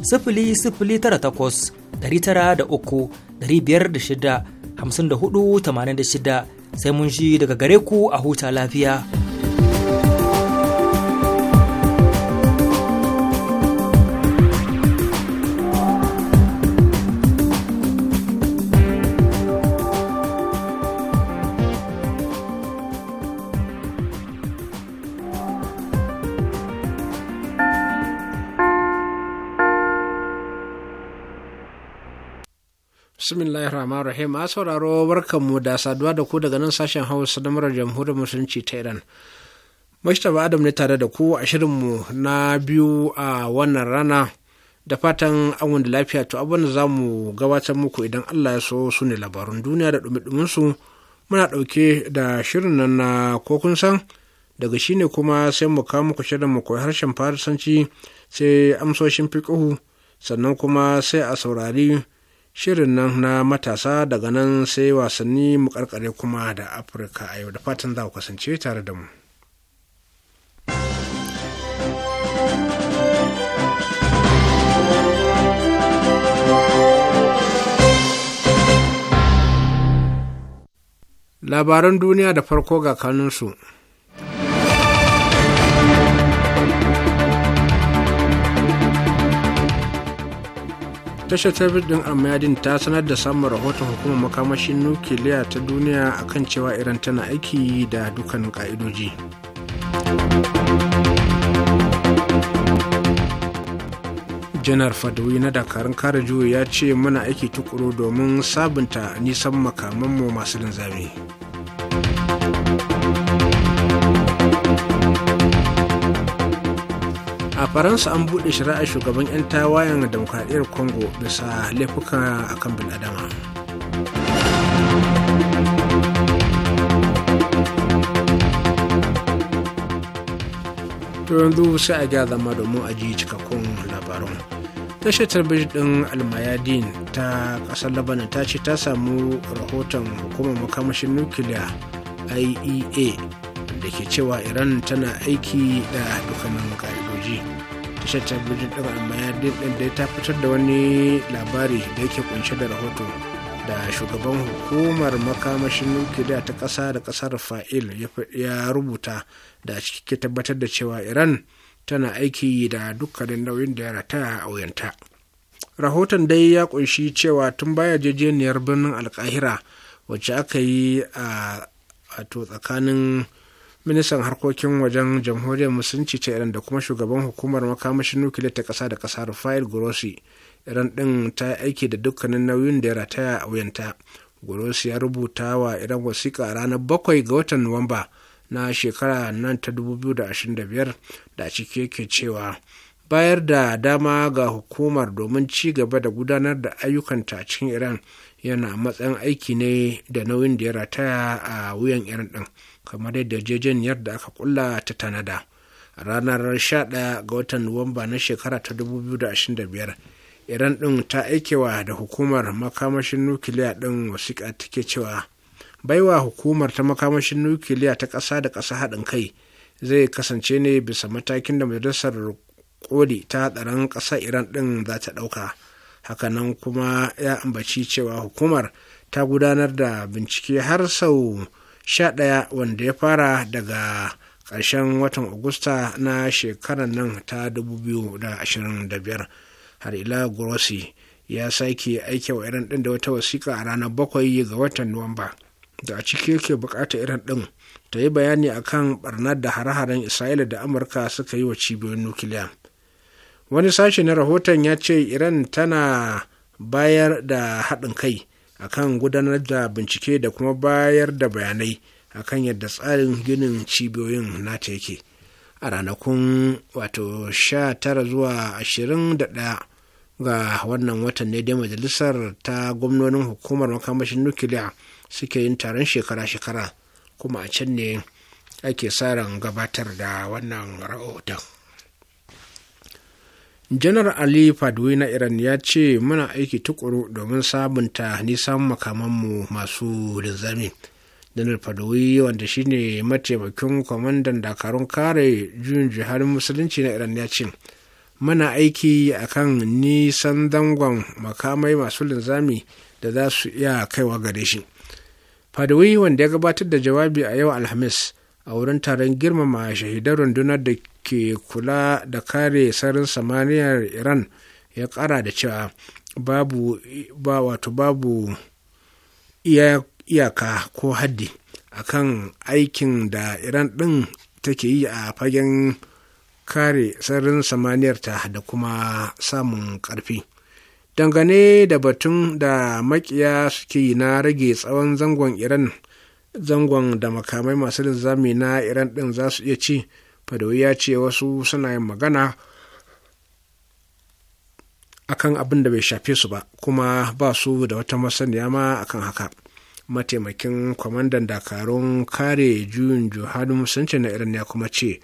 0098 506 5486 sai mun ji daga gare ku a huta lafiya. bismillahir rahmanir rahim a sauraro mu da saduwa da ku daga nan sashen hausa na murar jamhuriyar musulunci ta iran mashtaba adam ne tare da ku a shirin mu. na biyu a wannan rana da fatan an da lafiya to abin da za mu gabatar muku idan allah ya so su ne labarun duniya da dumi su muna ɗauke da shirin nan na ko kun san daga shi ne kuma sai mu ka muku shirin mu koyi harshen farisanci sai amsoshin fiƙihu sannan kuma sai a saurari shirin nan na matasa daga nan sai wasanni mu karkare kuma da afirka a yau da fatan za ku kasance tare da mu labaran duniya da farko ga kanunsu tashar tabbat din amadin ta sanar da samun rahoton hukumar makamashin nukiliya ta duniya akan cewa iran tana aiki da dukkanin ka'idoji janar fadawi na dakarun kare juyo ya ce muna aiki tukuru domin sabunta nisan makamanmu masu linzami. faransa an buɗe shari'ar shugaban 'yan tawayen demokradiyyar congo bisa laifuka a akan bil'adama yanzu sai a gya zama domin a ji cikakkun labarun tashar talbijin ɗin almayadin ta ƙasar labanin ta ce ta samu rahoton hukumar makamashin nukiliya iea da ke cewa iran tana aiki da dukkanin ƙa'ida tashar talabijin ɗin almayadin ɗin da ta fitar da wani labari da yake kunshe da rahoto da shugaban hukumar makamashin nukiliya ta ƙasa da ƙasar fa'il ya rubuta da ke tabbatar da cewa iran tana aiki da dukkanin nauyin da ya rataya a wuyanta rahoton dai ya kunshi cewa tun baya jejeniyar birnin alkahira wacce aka yi a wato tsakanin ministan harkokin wajen jamhuriyar musulunci ta iran da kuma shugaban hukumar makamashin nukiliya ta ƙasa da ƙasar rafael gurosi iran ɗin ta aiki da dukkanin nauyin da ya rataya a wuyanta gurosi ya rubuta wa iran wasiƙa ranar bakwai ga watan nuwamba na shekara nan ta 2025 da cike yake cewa bayar da dama ga hukumar domin ci gaba da gudanar da ayyukanta a cikin iran yana matsayin aiki ne da nauyin da ya rataya a wuyan iran ɗin. kamar yadda yarjejeniyar da aka kulla ta tanada a ranar 11 ga watan nuwamba na shekara ta 2025 iran ɗin ta aikewa da hukumar makamashin nukiliya ɗin wasiƙa take cewa baiwa hukumar ta makamashin nukiliya ta ƙasa da ƙasa haɗin kai zai kasance ne bisa matakin da majalisar koli ta tsaron ƙasa iran din za ta ɗauka hakanan kuma ya ambaci cewa hukumar ta gudanar da bincike har sau 11 wanda ya fara daga ƙarshen watan Agusta na shekarar nan ta 2025 har ila Grossi ya sake aike wa irin ɗin da wata wasiƙa a ranar bakwai ga watan Nuwamba da a ciki yake bukata irin ɗin ta yi bayani kan barnar da hare-haren Isra'ila da Amurka suka yi wa cibiyoyin nukiliya. Wani sashe na rahoton ya ce Iran tana bayar da haɗin kai akan gudanar da bincike da kuma bayar da bayanai akan yadda tsarin ginin cibiyoyin nata yake a ranakun wato sha tara zuwa ashirin da ɗaya ga wannan watan ne dai majalisar ta gwamnonin hukumar makamashin nukiliya suke yin taron shekara-shekara kuma a can ne ake sa ran gabatar da wannan rahoton. janar ali fadwe na iran ya ce muna aiki tukuru domin sabunta nisan makamanmu masu linzami janar fadwe wanda shine mataimakin kwamandan dakarun kare juyin jihar musulunci na iran ya ce muna aiki akan nisan dangon makamai masu linzami da za su iya kaiwa gare shi fadwe wanda ya gabatar da jawabi a yau alhamis a wurin taron girmama shahidan rundunar da ke kula da kare sarin samaniyar iran ya kara da cewa babu ba wato babu iyaka ko haddi akan aikin da iran ɗin take yi a fagen kare sararin ta da kuma samun karfi dangane da batun da makiya suke na rage tsawon zangon iran zangon da makamai masu linzami na iran ɗin za su iya ci fadawi ya ce wasu suna yin magana akan abin da bai shafe su ba kuma ba su da wata masaniya ma akan haka mataimakin kwamandan dakarun kare juyin juhadu musanci na iran ya kuma ce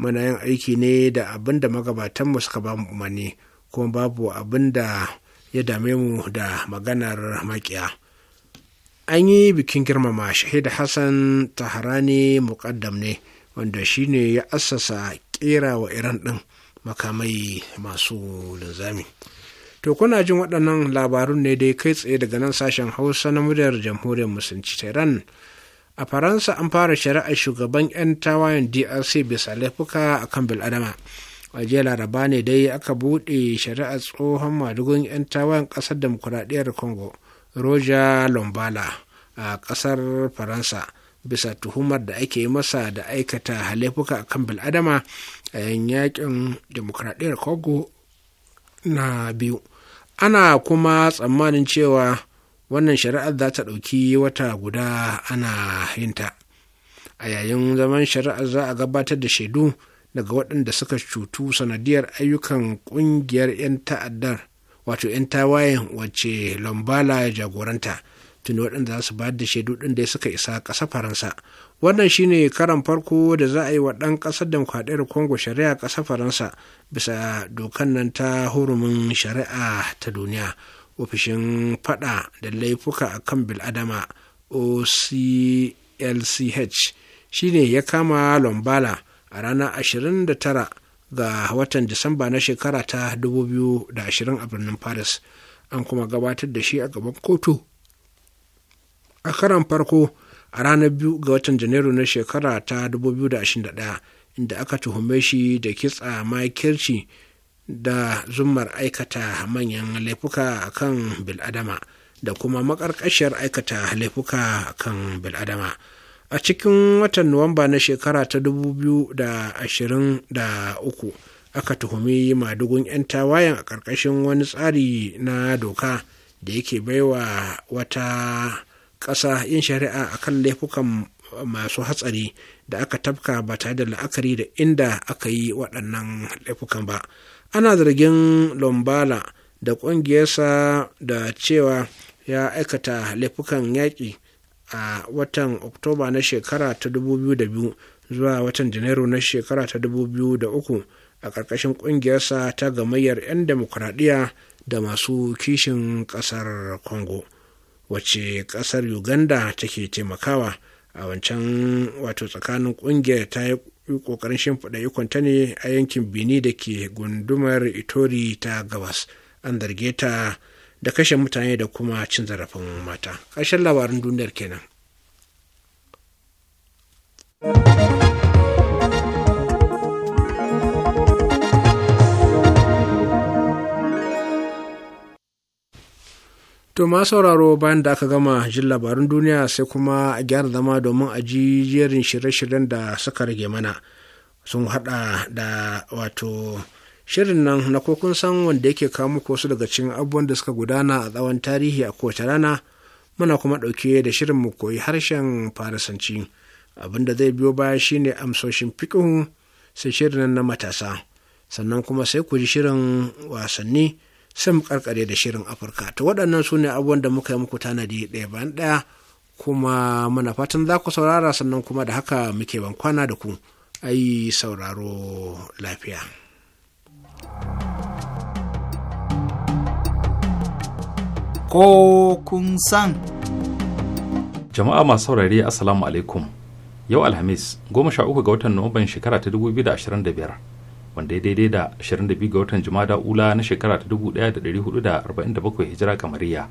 muna yin aiki ne da abin da magabatanmu suka ba mu umarni kuma babu abin da ya dame mu da maganar makiya an yi bikin girmama shahid hassan taharani muƙaddam ne wanda shi ne ya assasa kera wa iran din makamai masu linzami to kuna jin waɗannan labarun ne dai kai tsaye daga nan sashen hausa na muryar jamhuriyar musulunci ta iran a faransa an fara shari'ar shugaban 'yan tawayen drc bisa laifuka a kan biladama a jiya laraba ne dai aka buɗe shari'ar tsohon madugun 'yan tawayen ƙasar demokuraɗiyar congo Roja lombala a ƙasar faransa bisa tuhumar da ake masa da aikata a kan bil'adama a 'yan yakin demokradiyyar Kogo na biyu ana kuma tsammanin cewa wannan shari'ar za ta ɗauki wata guda ana yinta a yayin zaman shari'ar za a gabatar da shaidu daga waɗanda suka cutu sanadiyar ayyukan ƙungiyar 'yan ta'addar wato 'yan tawayen wacce lambala ya jagoranta tuni waɗanda za su bayar da shaidu ɗin da suka isa ƙasa faransa wannan shine karan farko da za a yi wa ɗan ƙasar kwaɗayar congo shari'a ƙasa faransa bisa dokan nan ta hurumin shari'a ta duniya ofishin faɗa da laifuka a kan bil'adama oclch shine ya kama lambala a ranar 29 ga watan disamba na shekara ta 2020 a birnin paris an kuma gabatar da shi a gaban kotu a karan farko a ranar biyu ga watan janairu na shekara ta 2021 inda aka tuhume shi da kitsa makirci da zumar aikata manyan laifuka a kan biladama da kuma makarkashiyar aikata laifuka kan biladama a cikin watan nuwamba na shekara ta 2023 aka tuhumi madugun 'yan tawayen a ƙarƙashin wani tsari na doka da yake baiwa wata ƙasa yin shari'a a kan laifukan masu hatsari da aka tafka ba tare da la'akari da inda aka yi waɗannan laifukan ba ana zargin lombala da ƙungiyarsa da cewa ya aikata laifukan yaƙi a watan oktoba na shekara ta 2002 zuwa watan janairu na shekara ta 2003 a ƙarƙashin ƙungiyarsa ta gamayyar 'yan demokuraɗiyya da masu kishin ƙasar congo wacce ƙasar uganda take taimakawa a wancan wato tsakanin ƙungiyar ta yi ƙoƙarin shimfiɗa ikonta ne a yankin bini da ke gundumar itori ta gabas an zarge ta da kashe mutane da kuma cin zarafin mata ƙarshen labarin duniyar kenan To ma sauraro bayan da aka gama jin labarin duniya sai kuma a gyara zama domin a ji jerin shirye-shiryen da suka rage mana sun hada da wato shirin nan na ko kun san wanda yake kawo muku wasu daga cikin abubuwan da suka gudana a tsawon tarihi a kowace rana muna kuma ɗauke da shirin mu koyi harshen farisanci abin da zai biyo baya shine amsoshin fikihu sai shirin nan na matasa sannan kuma sai ku ji shirin wasanni sai mu karkare da shirin afirka to waɗannan su ne abubuwan da muka yi muku tanadi ɗaya bayan ɗaya kuma mana fatan za ku saurara sannan kuma da haka muke ban kwana da ku ai sauraro lafiya. Ko kun san. Jama'a masu saurari Assalamu alaikum. Yau Alhamis, goma sha uku ga watan Nuwamban shekara ta dubu biyu da ashirin da biyar, wanda ya daidai da ashirin da biyu ga watan Jumada Ula na shekara ta dubu ɗaya da ɗari hudu da arba'in da bakwai hijira kamariya.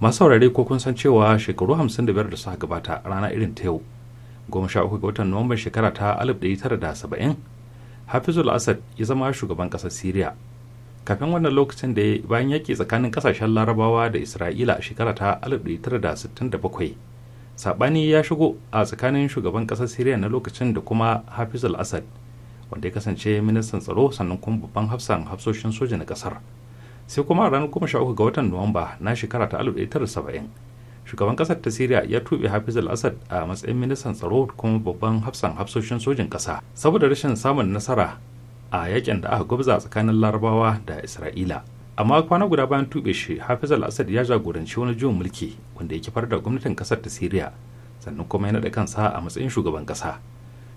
Masu saurari ko kun san cewa shekaru hamsin da biyar da suka gabata rana irin ta yau, goma sha uku ga watan Nuwamban shekara ta alif ɗari tara da saba'in hafizul asad ya zama shugaban ƙasar syria kafin wannan lokacin da ya bayan yaƙi tsakanin ƙasashen larabawa da isra'ila a shekara ta 1967 saɓani ya shigo a tsakanin shugaban kasar syria na lokacin da kuma hafizul asad wanda ya kasance ministan tsaro sannan kuma babban hafsan hafsoshin soja na ƙasar sai kuma a ranar 13 ga watan nuwamba na shekara ta 1970 shugaban kasar ta siriya ya tuɓe hafiz al-assad a matsayin ministan tsaro kuma babban hafsan hafsoshin sojin kasa. saboda rashin samun nasara a yakin da aka gwabza tsakanin larabawa da isra'ila amma kwana guda bayan tuɓe shi hafiz al-assad ya jagoranci wani juyin mulki wanda ya kifar da gwamnatin kasar ta siriya sannan kuma ya naɗa kansa a matsayin shugaban kasa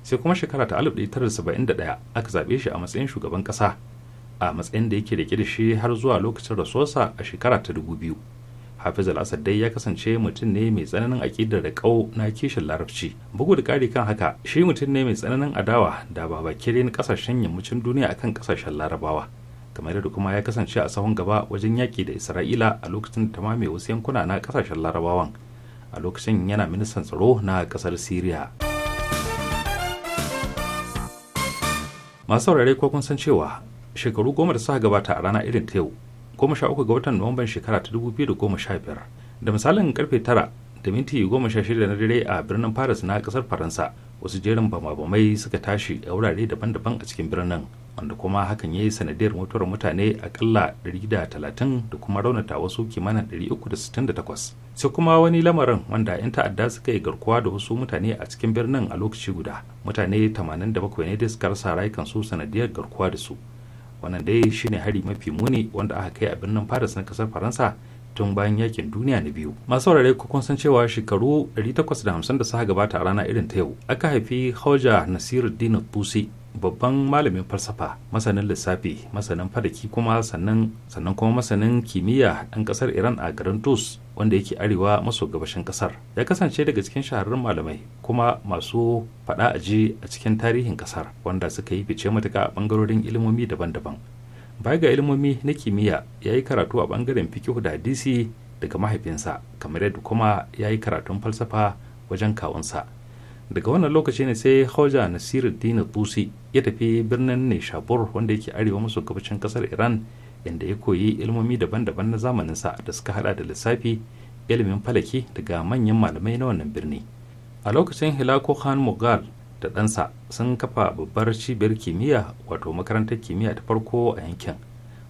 sai kuma shekara ta 1971 aka zaɓe shi a matsayin shugaban kasa a matsayin da yake da shi har zuwa lokacin rasuwarsa a shekara ta 2000 hafiz al-asad dai ya kasance mutum ne mai tsananin aƙidar da ƙau na kishin larabci bugu da ƙari kan haka shi mutum ne mai tsananin adawa da na ƙasashen yammacin duniya akan ƙasashen larabawa kamar da kuma ya kasance a sahun gaba wajen yaƙi da isra'ila a lokacin da mame wasu yankuna na ƙasashen larabawan a lokacin yana ministan tsaro na ƙasar syria masu saurare ko kun san cewa shekaru goma da suka gabata a rana irin ta yau goma sha uku ga watan nuwamban shekara ta dubu biyu da goma sha biyar da misalin karfe tara da minti goma sha shida na dare a birnin paris na kasar faransa wasu jerin bamabamai suka tashi a wurare daban-daban a cikin birnin wanda kuma hakan ya yi sanadiyar mutuwar mutane akalla 130 da kuma raunata wasu kimanin 368 sai kuma wani lamarin wanda 'yan ta'adda suka yi garkuwa da wasu mutane a cikin birnin a lokaci guda mutane 87 ne da suka rasa su sanadiyar garkuwa da su wannan dai shine hari mafi muni wanda aka kai a birnin paris na kasar faransa tun bayan yakin duniya na biyu masu saurare kun san cewa shekaru 850 da suka gabata a rana irin ta yau aka haifi hauja nasiruddin busi babban malamin falsafa masanin lissafi masanin fadaki kuma sannan sannan kuma masanin kimiyya ɗan ƙasar iran a garin tus wanda yake arewa maso gabashin ƙasar ya kasance daga cikin shahararrun malamai kuma masu faɗa aji a cikin tarihin ƙasar wanda suka yi fice matuka a ɓangarorin ilimomi daban-daban baya ga ilimomi na kimiyya ya yi karatu a ɓangaren fikihu da hadisi daga mahaifinsa kamar yadda kuma ya yi karatun falsafa wajen kawunsa daga wannan lokaci ne sai nasiru nasiruddin tusi ya tafi birnin Nishapur wanda yake arewa maso gabashin kasar Iran inda ya koyi ilmomi daban-daban na zamaninsa da suka hada da lissafi ilimin falaki daga manyan malamai na wannan birni. A lokacin Hilako Khan Mughal da ɗansa sun kafa babbar cibiyar kimiyya wato makarantar kimiyya ta farko a yankin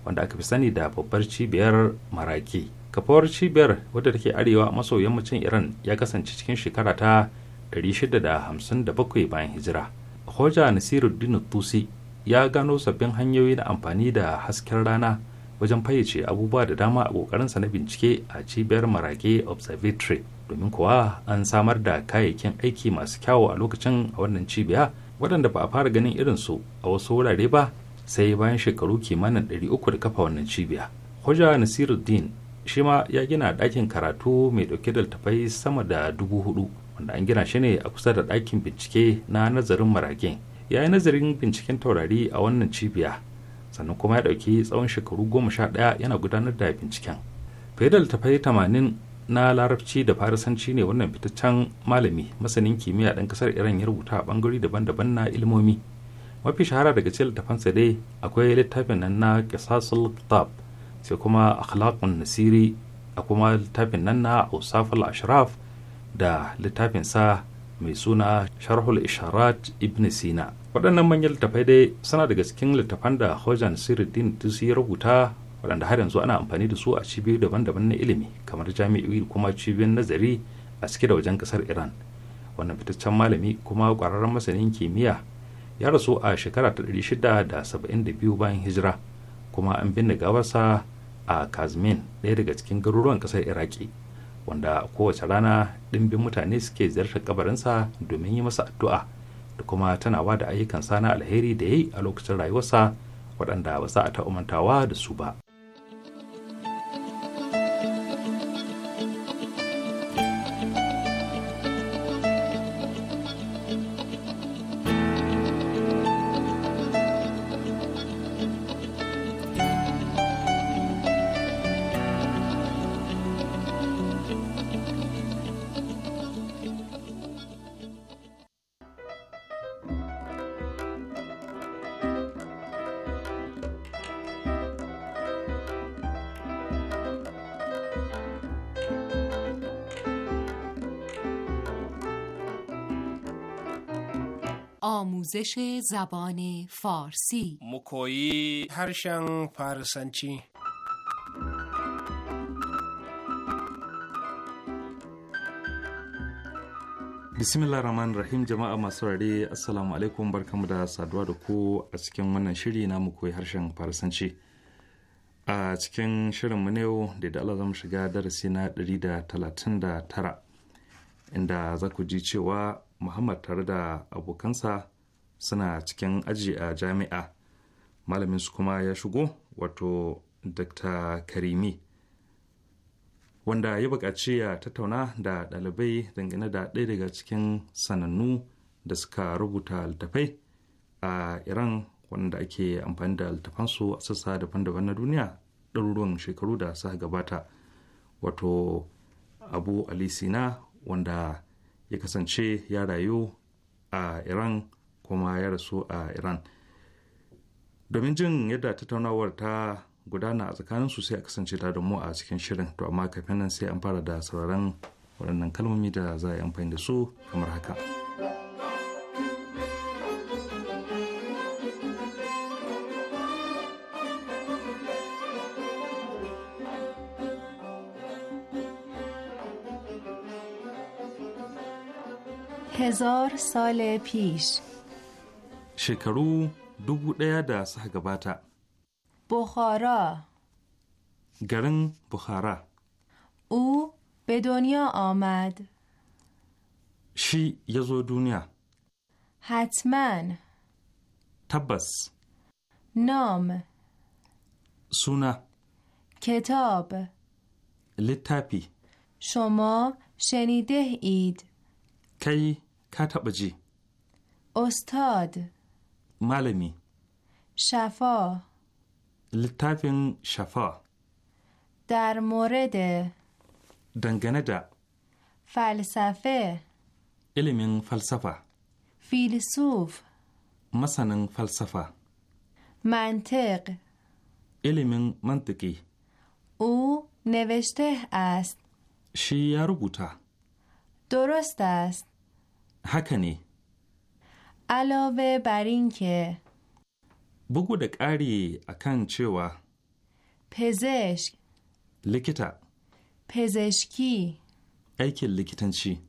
wanda aka fi sani da babbar cibiyar maraki. kafawar cibiyar wadda take arewa maso yammacin iran ya kasance cikin shekara ta 657 bayan hijira hoja nasiruddin tusi ya gano sabbin hanyoyi na amfani da hasken rana wajen fayyace abubuwa da dama a kokarinsa na bincike a cibiyar Maraƙe observatory domin kuwa an samar da kayayyakin aiki masu kyawu a lokacin a wannan cibiya waɗanda ba a fara ganin irin su a wasu wurare ba sai bayan shekaru kimanin 300 da kafa wannan cibiya hoja nasiruddin shi ma ya gina ɗakin karatu mai ɗauke da littattafai sama da dubu hudu wanda an gina shi ne a kusa da ɗakin bincike na nazarin maragen ya yi nazarin binciken taurari a wannan cibiya sannan kuma ya ɗauki tsawon shekaru goma sha ɗaya yana gudanar da binciken fiye da littattafai tamanin na larabci da farisanci ne wannan fitaccen malami masanin kimiyya ɗan ƙasar iran ya rubuta a ɓangare daban-daban na ilmomi mafi shahara daga cikin littafansa dai akwai littafin nan na kisasul kitab sai kuma akhlaqun nasiri a kuma littafin nan na ausaful ashraf da littafinsa mai suna sharhul isharat ibn sina waɗannan manyan littafai dai suna daga cikin littafan da hojan siriddin tusi ya rubuta waɗanda har yanzu ana amfani da su a cibiyoyi daban-daban na ilimi kamar jami'o'i kuma cibiyoyin nazari a cike da wajen ƙasar iran wannan fitaccen malami kuma ƙwararren masanin kimiyya ya rasu a shekara ta 672 bayan hijira kuma an binne gawarsa a kazmin ɗaya daga cikin garuruwan ƙasar iraki wanda kowace rana ɗimbin mutane suke ziyartar kabarinsa domin yi masa addu'a da kuma ba da ayyukan sana alheri da ya yi a lokacin rayuwarsa waɗanda ba za a ta umantawa da su ba آموزش زبان فارسی مکویی هرشن فارسنچی bismillah rahman rahim jama'a masu rare assalamu barkamu da saduwa da ku a cikin wannan shiri na mu koyi harshen farisanci a cikin shirin mu yau da da Allah zamu shiga darasi na ɗari da da talatin tara inda za ku ji cewa muhammad tare da abokansa suna cikin aji a jami'a malamin su kuma ya shigo wato dr karimi wanda ya buƙaci ya tattauna da ɗalibai dangane da ɗaya daga cikin sanannu da suka rubuta littafai a iran wanda ake amfani da littafansu a sassa daban-daban na duniya ɗaruruwan shekaru da suka gabata wato abu ali sina wanda ya kasance ya rayu a iran kuma ya rasu a iran domin jin yadda tattaunawar ta gudana a tsakanin su sai a kasance da mu a cikin shirin to amma kafin nan sai an fara da sauraron waɗannan kalmomi da za a yi amfani da su kamar haka. هزار سال پیش شکرو دو بوده دا سه گباتا بخارا گرنگ بخارا او به دنیا آمد شی یزو دنیا حتما تبس نام سونا کتاب لتاپی شما شنیده اید کی کتاب جی استاد malami shafa littafin shafa dar morede dangane da falsafe ilimin falsafa filisuf masanin falsafa mantiq ilimin mantiki u neveste ast shi ya rubuta Dorostas. haka ne علاوه بر اینکه بگو دکاری اکن akan و پزشک لکتا پزشکی لکتن چی؟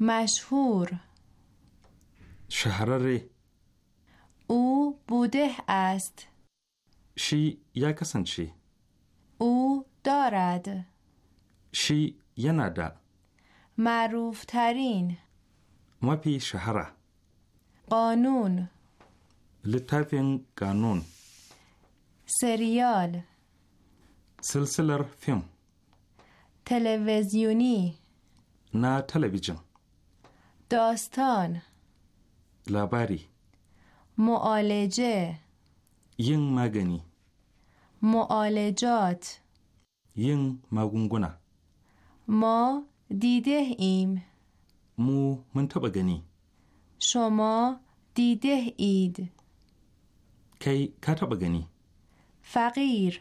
مشهور شهرره او بوده است شی یا چی؟ او دارد شی ینادا معروف ترین ما پی شهره قانون لطفین قانون سریال سلسلر فیلم تلویزیونی نا تلویزیون داستان لاباری معالجه ین مگنی معالجات ین مگونگونا ما دیده ایم مو منطبه گنی شما دیده اید کی کتا گنی فقیر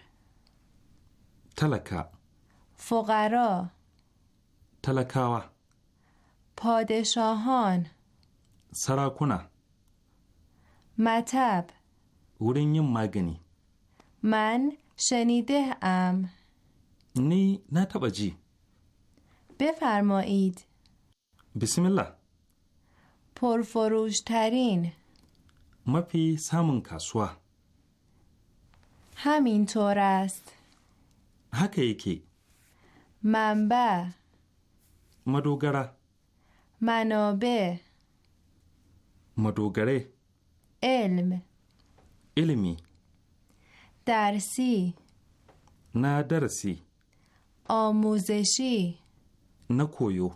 تلکا فقرا تلکاوا پادشاهان سراکونا مطب ورنیم مگنی من شنیده ام نی نتبجی بفرمایید بسم الله پرفروش ترین مفی سامن کسوا همین طور است هکه یکی منبع مدوگره منابع مدوگره علم علمی درسی نه آموزشی نکویو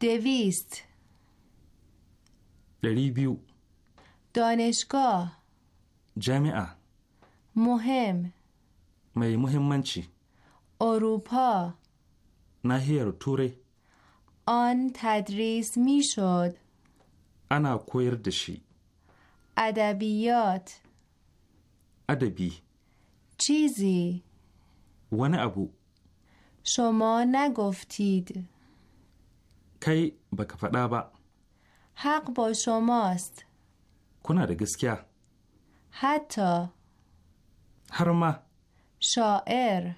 دویست بیو دانشگاه جامعه مهم می چی؟ اروپا نهیر توره آن تدریس می شد انا کویر دشی ادبیات ادبی چیزی ون ابو شما نگفتید کی بکفدابا حق با شماست کنارگسکیا حتی هرما شاعر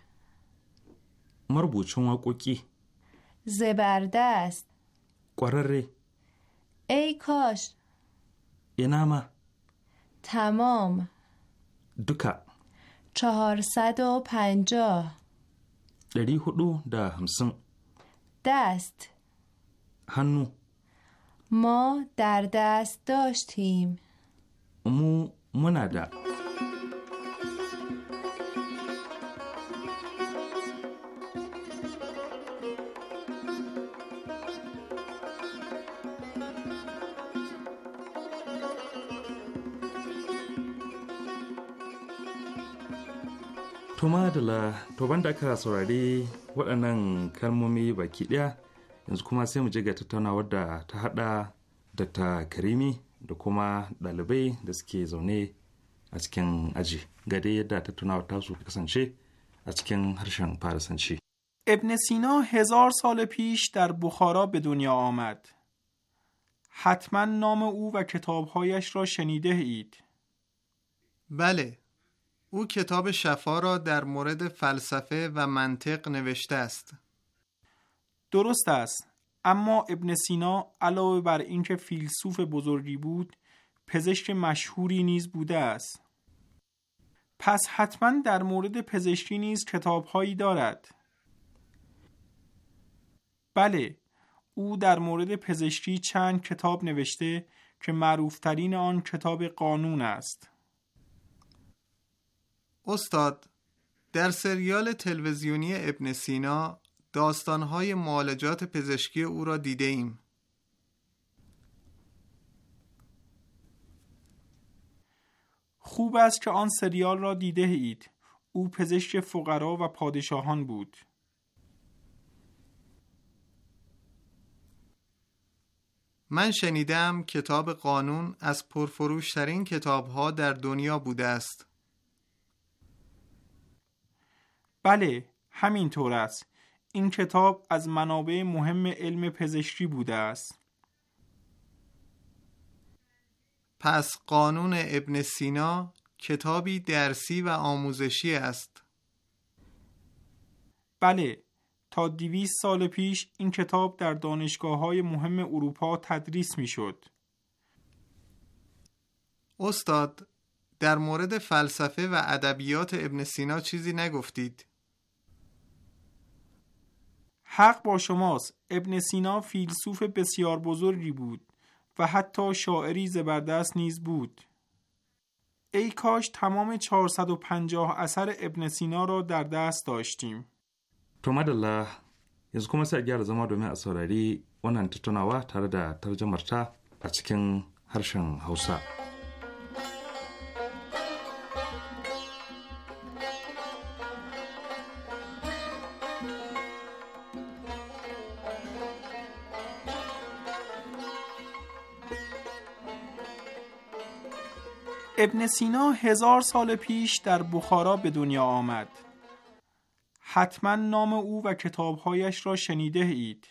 مربوط شما کوکی زبردست قراره ای کاش اینما تمام دکا چهارصد و پنجاه دری حدو ده همسن دست هنو ما در دست داشتیم مو منده Tuma da la, to banda ka saurari waɗannan kalmomi baki ɗaya yanzu kuma sai mu je ga tattaunawar da ta hada da ta karimi da kuma dalibai da suke zaune a cikin aji ga dai yadda tattaunawar tasu su kasance a cikin harshen farisanci ابن سینا هزار سال پیش در بخارا به دنیا آمد. حتما نام او و کتابهایش را شنیده اید. بله، او کتاب شفا را در مورد فلسفه و منطق نوشته است. درست است اما ابن سینا علاوه بر اینکه فیلسوف بزرگی بود پزشک مشهوری نیز بوده است پس حتما در مورد پزشکی نیز کتابهایی دارد بله او در مورد پزشکی چند کتاب نوشته که معروفترین آن کتاب قانون است استاد در سریال تلویزیونی ابن سینا داستانهای معالجات پزشکی او را دیده ایم. خوب است که آن سریال را دیده اید. او پزشک فقرا و پادشاهان بود. من شنیدم کتاب قانون از پرفروشترین ها در دنیا بوده است. بله، همینطور است. این کتاب از منابع مهم علم پزشکی بوده است. پس قانون ابن سینا کتابی درسی و آموزشی است. بله، تا دیویس سال پیش این کتاب در دانشگاه های مهم اروپا تدریس می شد. استاد، در مورد فلسفه و ادبیات ابن سینا چیزی نگفتید. حق با شماست ابن سینا فیلسوف بسیار بزرگی بود و حتی شاعری زبردست نیز بود ای کاش تمام 450 اثر ابن سینا را در دست داشتیم تو مدالله yanzu kuma sai a gyara zama domin a saurari wannan tattaunawa tare da tarjamarta a cikin harshen Hausa. ابن سینا هزار سال پیش در بخارا به دنیا آمد حتما نام او و کتابهایش را شنیده اید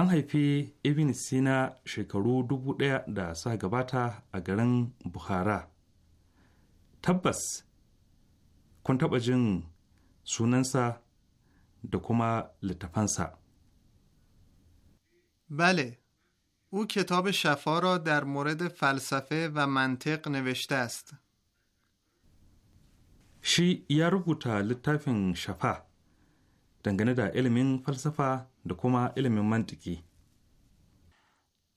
an haifi ibn sina shekaru dubu ɗaya da sa gabata a garin bukhara tabbas kun taɓa jin sunansa da kuma او کتاب شفا را در مورد فلسفه و منطق نوشته است. شی یا rubuta شفا شفا دنگنه علم فلسفه فلسفه منطقی.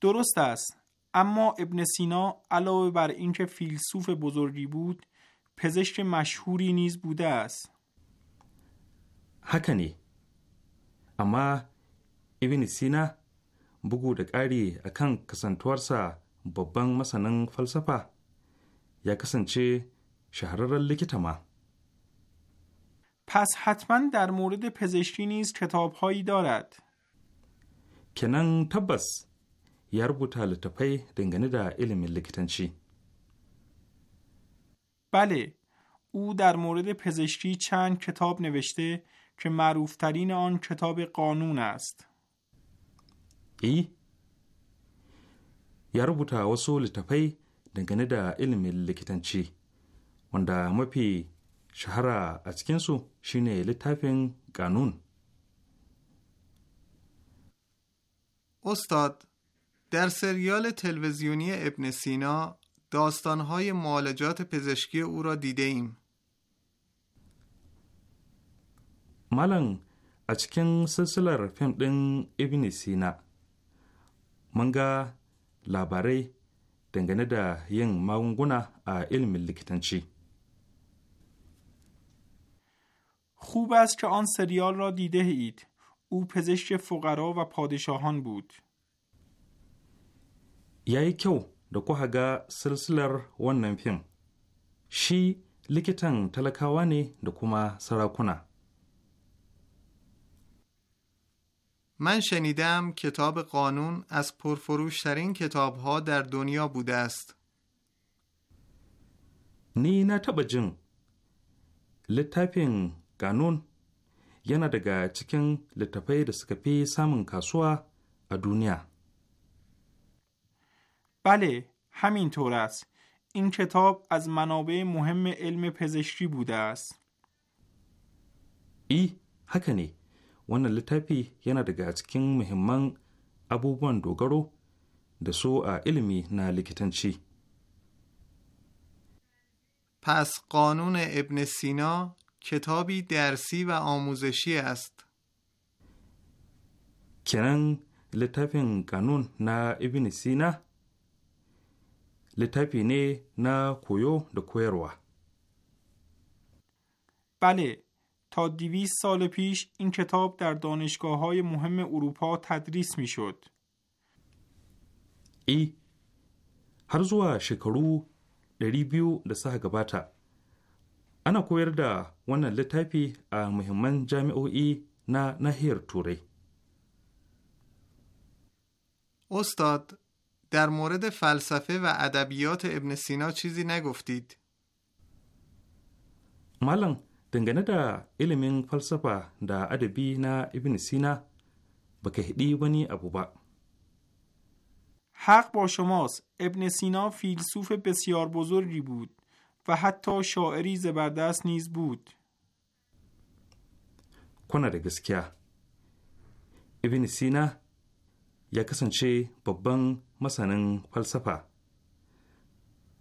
درست است اما ابن سینا علاوه بر اینکه فیلسوف بزرگی بود پزشک مشهوری نیز بوده است هکنی اما ابن سینا bugu da ƙari a kan kasantuwarsa babban masanin falsafa ya kasance shahararren likita ma. پس حتما در مورد پزشکی نیز کتابهایی دارد. کنن تبس یا ربوتا لطفی دنگنه دا علم لکتنچی. بله، او در مورد پزشکی چند کتاب نوشته که معروفترین آن کتاب قانون است. E? ya rubuta wasu littafai dangane da ilimin likitanci wanda mafi shahara a cikinsu shine littafin kanun استاد در سریال تلویزیونی ابن سینا داستانهای معالجات پزشکی او را دیده ایم. ملن اچکن سلسلر فیلم ابن سینا mun ga labarai dangane da yin magunguna a ilimin likitanci. خوب است که آن سریال را دیده اید. او پزشک فقرا و پادشاهان بود. یای کیو da kuka ga silsilar wannan fim. Shi likitan talakawa ne da kuma sarakuna. من شنیدم کتاب قانون از پرفروشترین کتاب ها در دنیا بوده است. نی نتبا جن قانون یا daga cikin littattafai da suka سامن samun دنیا. بله همینطور است این کتاب از منابع مهم علم پزشکی بوده است ای هکنی wannan littafi yana daga cikin muhimman abubuwan dogaro da su a ilimi na likitanci. پس قانون ابن سینا کتابی درسی و آموزشی است. کنن littafin kanun na ibn sina littafi ne na koyo da koyarwa. Bale, تا دیویس سال پیش این کتاب در دانشگاه های مهم اروپا تدریس می شد. ای هر زوا شکرو دری بیو da گباتا انا ana koyar da wannan littafi a muhimman jami'o'i na turai استاد در مورد فلسفه و ادبیات ابن سینا چیزی نگفتید. مالن. dangane da ilimin falsafa da adabi na ibn sina ka hidi wani abu ba حق با شماست ابن سینا فیلسوف بسیار بزرگی بود و حتی شاعری زبردست نیز بود da gaskiya ibn sina ya kasance babban masanin falsafa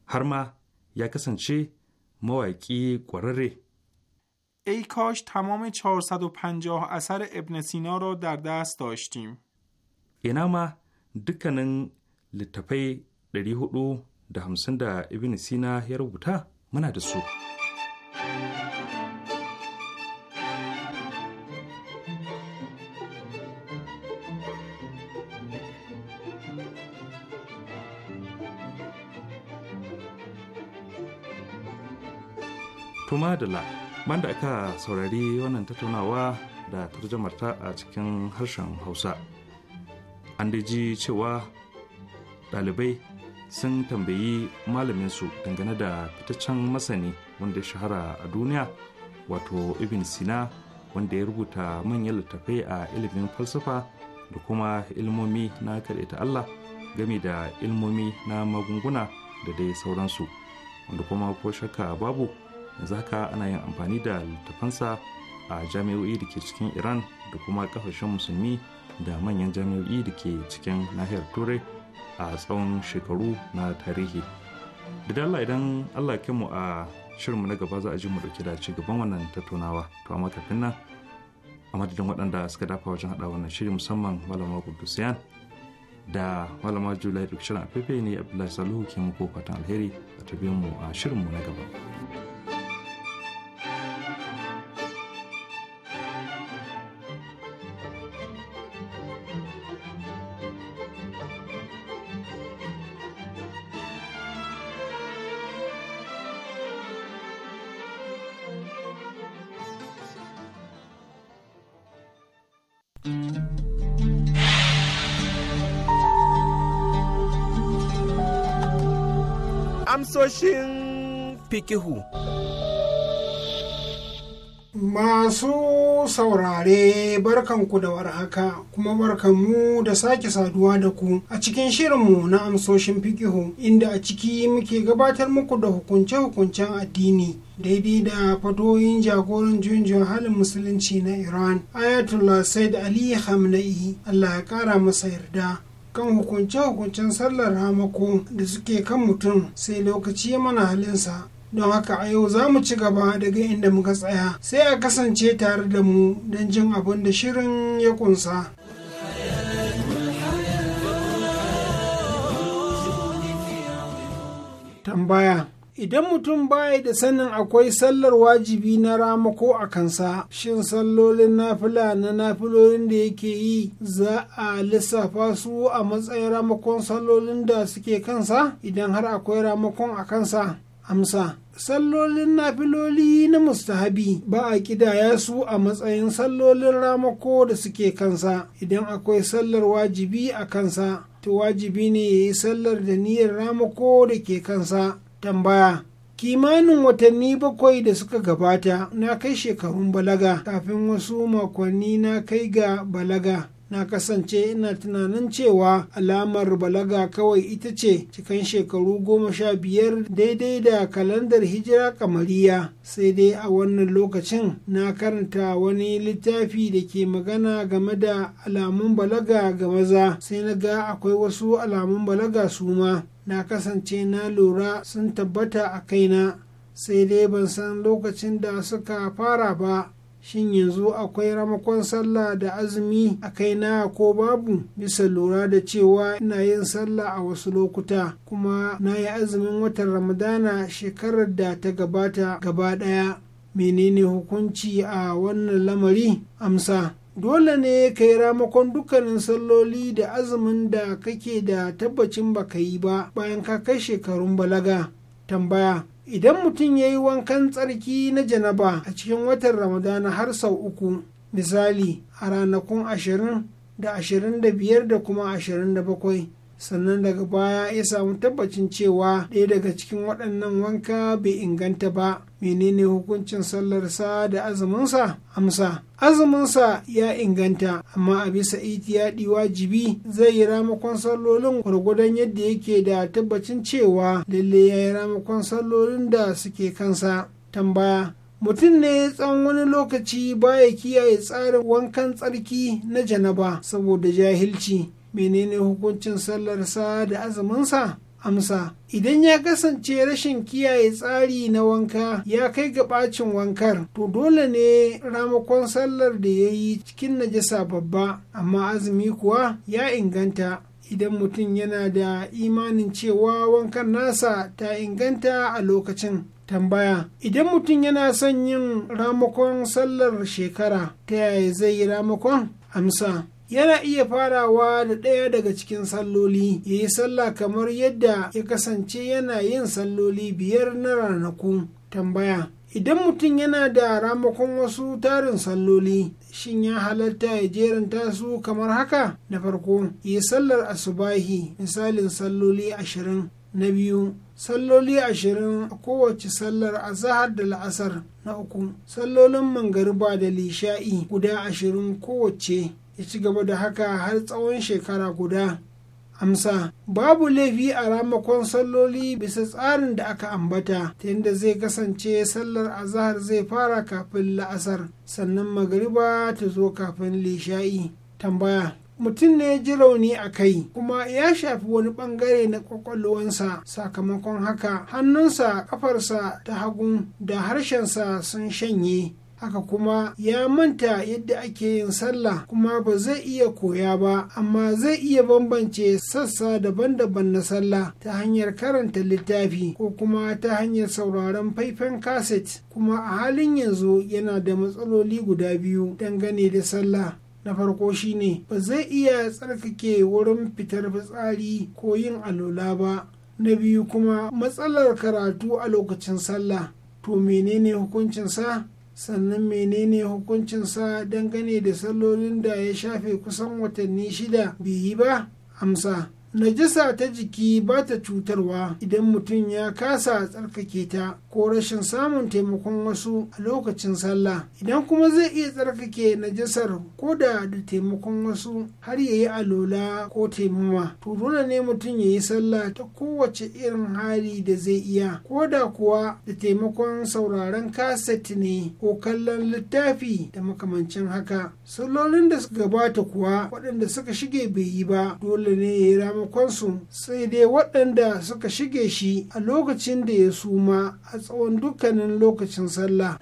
har ma ya kasance mawaƙi ƙwararre ای کاش تمام 450 اثر ابن سینا را در دست داشتیم اینا ما دکنن لطفه دری ده همسن ده ابن سینا یرو روبوتا منا دسو ما Bayan da aka saurari wannan tattaunawa da tarjamarta a cikin harshen Hausa, an ji cewa ɗalibai sun tambayi malaminsu dangane da fitaccen masani wanda shahara a duniya wato Ibn Sina wanda ya rubuta manyan littattafai a ilimin falsafa da kuma ilmomi na ta Allah game da ilmomi na magunguna da dai sauransu wanda kuma ko shakka babu yanzu ana yin amfani da littafansa a jami'o'i da ke cikin iran da kuma kafashin musulmi da manyan jami'o'i da ke cikin nahiyar turai a tsawon shekaru na tarihi da dalla idan allah mu a shirinmu na gaba za a ji mu dauke da ci gaban wannan tattaunawa to amma kafin nan a madadin waɗanda suka dafa wajen haɗa wannan shiri musamman malama kudusiyan da malama julai duk shirin a ne abdullahi saluhu ke muku fatan alheri a tabi mu a shirinmu na gaba. fikihu. Masu saurare barkanku da warhaka kuma barkanmu da sake saduwa da ku a cikin shirinmu na amsoshin fikihu inda a ciki muke gabatar muku da hukunce-hukuncen addini daidai da fatoyin jagoran junjun halin musulunci na Iran Ayatollah Said Ali Khamenei Allah ya kara masa yarda kan hukunce-hukuncen sallar ramako da suke kan mutum sai lokaci ya mana halinsa don haka a yau za mu ci gaba daga inda muka tsaya sai a kasance tare da mu don jin abin da shirin ya kunsa. tambaya idan mutum baya da sanin akwai sallar wajibi na ramako a kansa shin sallolin nafila na nafilolin da yake yi za a lissafa su a matsayin ramakon sallolin da suke kansa idan har akwai ramakon a kansa amsa sallolin nafiloli na mustahabi ba a kidaya su a matsayin sallolin ramako da suke kansa idan akwai sallar wajibi a kansa to wajibi ne ya yi sallar da niyyar ramako da ke kansa tambaya kimanin watanni bakwai da suka gabata na kai shekarun balaga kafin wasu makonni na kai ga balaga na kasance ina tunanin cewa alamar balaga kawai ita ce cikin shekaru goma sha biyar daidai da kalandar hijira kamariya sai dai a wannan lokacin na karanta wani littafi da ke magana game da alamun balaga ga maza sai na ga akwai wasu alamun balaga su ma na kasance na lura sun tabbata a kaina sai dai ban san lokacin da suka fara ba shin yanzu akwai ramakon sallah da azumi a kaina ko babu bisa lura da cewa ina yin sallah a wasu lokuta kuma na yi azumin watan ramadana shekarar da ta gabata gaba ɗaya menene hukunci a wannan lamari amsa dole ne ka yi ramakon dukkanin salloli da azumin da kake da tabbacin baka yi ba bayan ka kai shekarun balaga tambaya idan mutum ya yi wankan tsarki na janaba a cikin watan ramadana har sau uku misali a ranakun ashirin da ashirin da biyar da kuma ashirin da bakwai sannan daga baya ya samu tabbacin cewa ɗaya daga cikin waɗannan wanka bai inganta ba menene hukuncin sallarsa da azuminsa amsa azuminsa ya inganta amma a bisa itiyaɗi wajibi zai yi ramakon sallolin gwargwadon yadda yake da tabbacin cewa lalle ya yi ramakon sallolin da suke kansa tambaya mutum ne tsawon wani lokaci baya kiyaye tsarin wankan tsarki na janaba saboda jahilci menene hukuncin sallarsa da azuminsa amsa idan ya kasance rashin kiyaye tsari na wanka ya kai ga bacin wankar to dole ne ramakon sallar da ya yi cikin najasa babba amma azumi kuwa ya inganta idan mutum yana da imanin cewa wankan nasa ta inganta a lokacin tambaya idan mutum yana son yin ramakon sallar shekara ta yaya zai yi ramakon amsa yana iya farawa da ɗaya daga cikin salloli ya yi sallah kamar yadda ya kasance yana yin salloli biyar na ranaku tambaya idan mutum yana da ramakon wasu tarin salloli shin ya halatta ya jeranta su kamar haka na farko ya yi sallar asubahi misalin salloli ashirin na biyu salloli ashirin a kowace sallar azahar da la'asar na uku sallolin mangariba da lisha'i guda ashirin kowace ya ci gaba da haka har tsawon shekara guda amsa babu laifi a ramakon salloli bisa tsarin da aka ambata ta yadda zai kasance sallar azahar zai fara kafin la'asar sannan magariba ta zo kafin lisha'i tambaya mutum ne ji rauni a kai kuma ya shafi wani bangare na kwakwalwansa sakamakon haka hannunsa kafarsa ta hagu, da harshensa sun shanye haka kuma ya manta yadda ake yin sallah kuma ba zai iya koya ba amma zai iya bambance sassa daban-daban na sallah ta hanyar karanta littafi ko kuma ta hanyar sauraron faifan kaset kuma a halin yanzu yana da matsaloli guda biyu dangane da sallah na farko shine ba zai iya tsarkake wurin fitar fitsari ko yin alola ba na biyu kuma matsalar karatu a lokacin sallah to menene hukuncin sa? sannan menene hukuncin sa dangane da sallolin da ya shafe kusan watanni shida bai yi ba amsa najasa ta jiki ba ta cutarwa idan mutum ya kasa tsarkake ta ko rashin samun taimakon wasu a lokacin sallah idan kuma zai iya tsarkake najasar ko da da taimakon wasu har ya yi alola ko taimama to dole ne mutum ya yi sallah ta kowace irin hali da zai iya ko da kuwa da taimakon sauraron kaset ne ko kallon littafi da makamancin haka sallolin da suka gabata kuwa waɗanda suka shige bai yi ba dole ne ya yi farkonsu sai dai waɗanda suka shige shi a lokacin da ya suma a tsawon dukkanin lokacin sallah.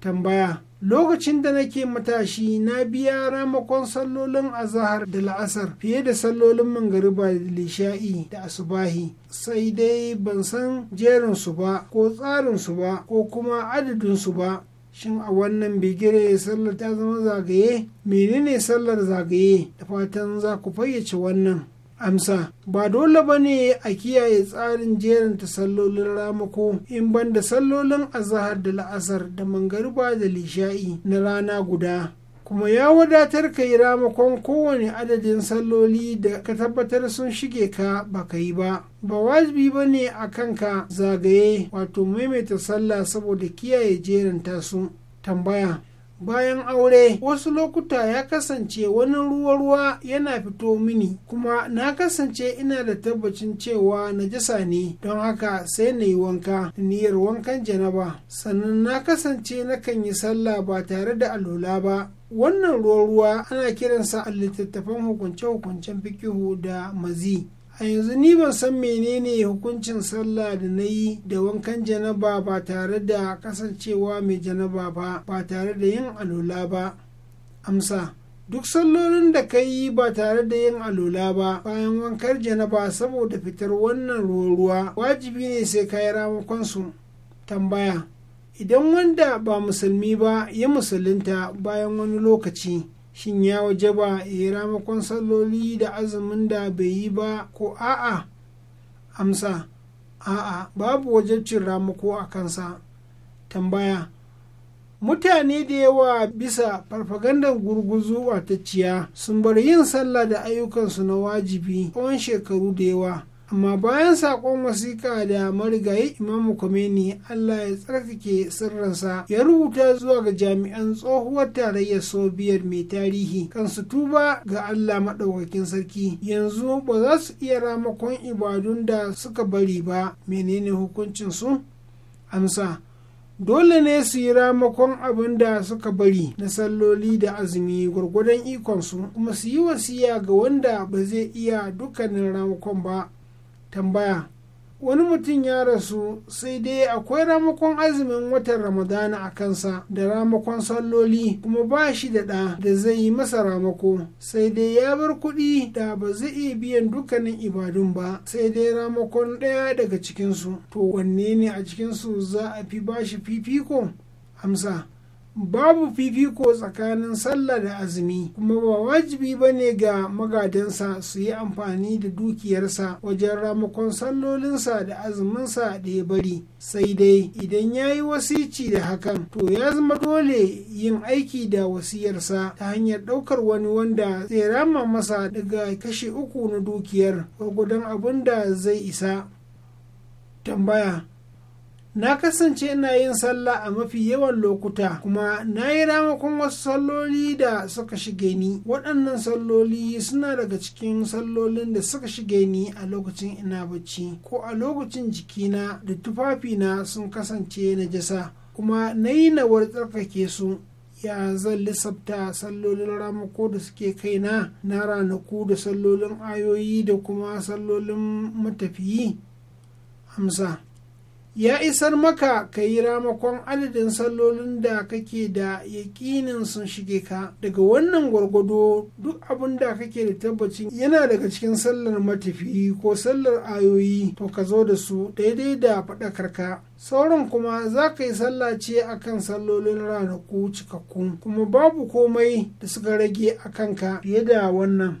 tambaya lokacin da nake matashi na biya ramakon sallolin azahar da la'asar fiye da sallolin mangariba da lisha'i da asubahi sai dai ban san jerinsu ba ko tsarinsu ba ko kuma adadinsu ba shin a wannan bigire sallar ta zama zagaye menene sallar zagaye da fatan za ku fayyace wannan amsa ba dole ba ne a kiyaye tsarin jerin sallolin ramako in banda sallolin azahar da la'asar da mangariba da lishai na rana guda kuma ya wadatar ka yi ramakon kowane adadin salloli da ka tabbatar sun shige ka ba ka yi ba ba wajibi ba ne a kanka zagaye wato maimaita sallah saboda kiyaye jerin tasu tambaya bayan aure wasu lokuta ya kasance wani ruwa-ruwa yana fito mini kuma na kasance ina da tabbacin cewa na jisa ne don haka sai na yi wanka niyyar wankan janaba sannan na kasance nakan yi sallah ba tare da alola ba wannan ruwa-ruwa ana kiransa a littattafan hukunce-hukuncen fikihu da mazi a yanzu ni ban san menene hukuncin sallah da na yi da wankan janaba ba tare da kasancewa mai janaba ba ba tare da yin alola ba amsa duk sallolin da ka yi ba tare da yin alola ba bayan wankar janaba saboda fitar wannan ruwa wajibi ne sai ka yi ramakonsu tambaya idan wanda ba musulmi ba ya musulunta bayan wani lokaci shin ya waje ba yi ramakon salloli da azumin da bai yi ba ko a'a amsa a'a babu wajabcin ramako a kansa tambaya mutane da yawa bisa farfagandar gurguzu ciya sun bar yin sallah da ayyukansu na wajibi tsawon shekaru da yawa amma bayan saƙon wasiƙa da marigayi imamu Khomeini Allah ya tsarkake sirrinsa ya rubuta zuwa ga jami'an tsohuwar tarayyar sobiyar mai tarihi kan su tuba ga Allah maɗaukakin sarki yanzu ba za su iya ramakon ibadun da suka bari ba menene hukuncin su amsa dole ne su yi ramakon abin da suka bari na salloli da azumi gwargwadon ikonsu kuma su yi wasiya ga wanda ba zai iya dukkanin ramakon ba tambaya wani mutum ya rasu sai dai akwai ramakon azumin watan ramadana a kansa da ramakon salloli kuma ba shi da ɗa da zai yi masa ramako sai dai ya bar kuɗi da ba zai iya biyan dukkanin ibadun ba sai dai ramakon ɗaya daga cikinsu to wanne ne a cikinsu za a fi ba shi fifiko amsa babu fifiko tsakanin sallah da azumi kuma ba wajibi ba ne ga magadansa su yi amfani da dukiyarsa wajen ramakon sallolinsa da azuminsa da ya bari sai dai idan ya yi wasici da hakan to ya zama dole yin aiki da wasiyarsa ta hanyar ɗaukar wani wanda zai rama masa daga kashe uku na dukiyar gwagwadon abin da zai isa tambaya na kasance ina yin sallah a mafi yawan lokuta kuma na yi ramakon wasu salloli da suka shige ni waɗannan salloli suna daga cikin sallolin da suka shige ni a lokacin ina bacci ko a lokacin jikina da tufafina sun kasance na jasa kuma na yi nawar tsarkake su ya zan lissafta sallolin ramako da suke kaina na ranaku da sallolin ayoyi da kuma sallolin matafiyi amsa ya isar maka ka yi ramakon adadin sallolin da kake da yaƙinin sun shige ka daga wannan gwargwado duk abin da kake da tabbacin yana daga cikin sallar matafiyi ko sallar ayoyi to ka zo da su daidai da faɗakarka sauran kuma za ka yi sallah ce a kan sallolin ranaku cikakku kuma babu komai da suka rage a kanka fiye da wannan.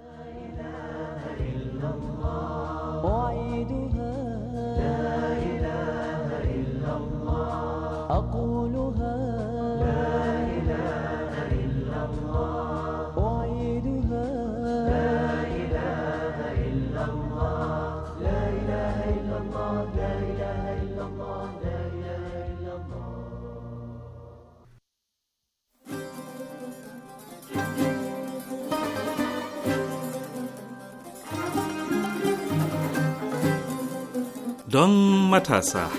don matasa.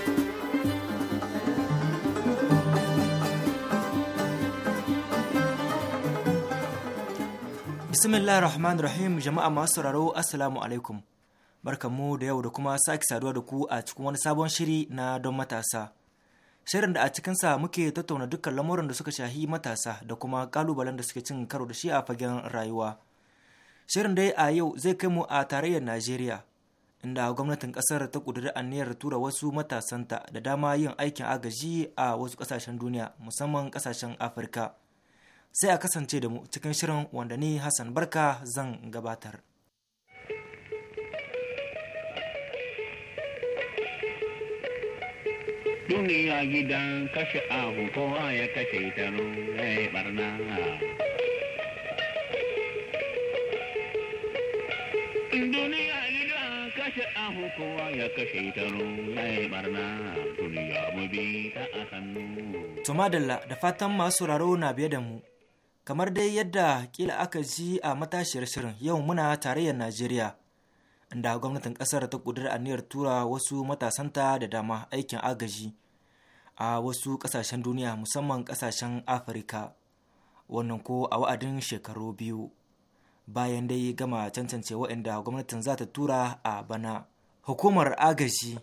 Bismillah rahman rahim jama'a masu sauraro Assalamu alaikum. Barkanmu da yau da kuma sake saduwa da ku a cikin wani sabon shiri na don matasa. Shirin da a cikinsa muke tattauna dukkan lamurin da suka shahi matasa da kuma kalubalen da suke cin karo da shi a fagen rayuwa. Shirin dai a yau zai kai mu a tarayyar Najeriya inda gwamnatin kasar ta kudiri aniyar tura wasu matasanta da dama yin aikin agaji a wasu kasashen duniya musamman kasashen afirka sai a kasance da mu cikin shirin wanda ni hassan barka zan gabatar duniya gidan kashe abu kowa ya kashe ta barna kashe ahu kowa ya kashe ya yi barna duniya mu bi ta a sannu. To madalla da fatan masu sauraro na biye da mu. Kamar dai yadda kila aka ji a matashiyar shirin yau muna tarayyar Najeriya. Inda gwamnatin ƙasar ta kudur aniyar tura wasu matasanta da dama aikin agaji a wasu ƙasashen duniya musamman ƙasashen Afirka. Wannan ko a wa'adin shekaru biyu. bayan dai gama cancance waɗanda gwamnatin za ta tura a bana hukumar agaji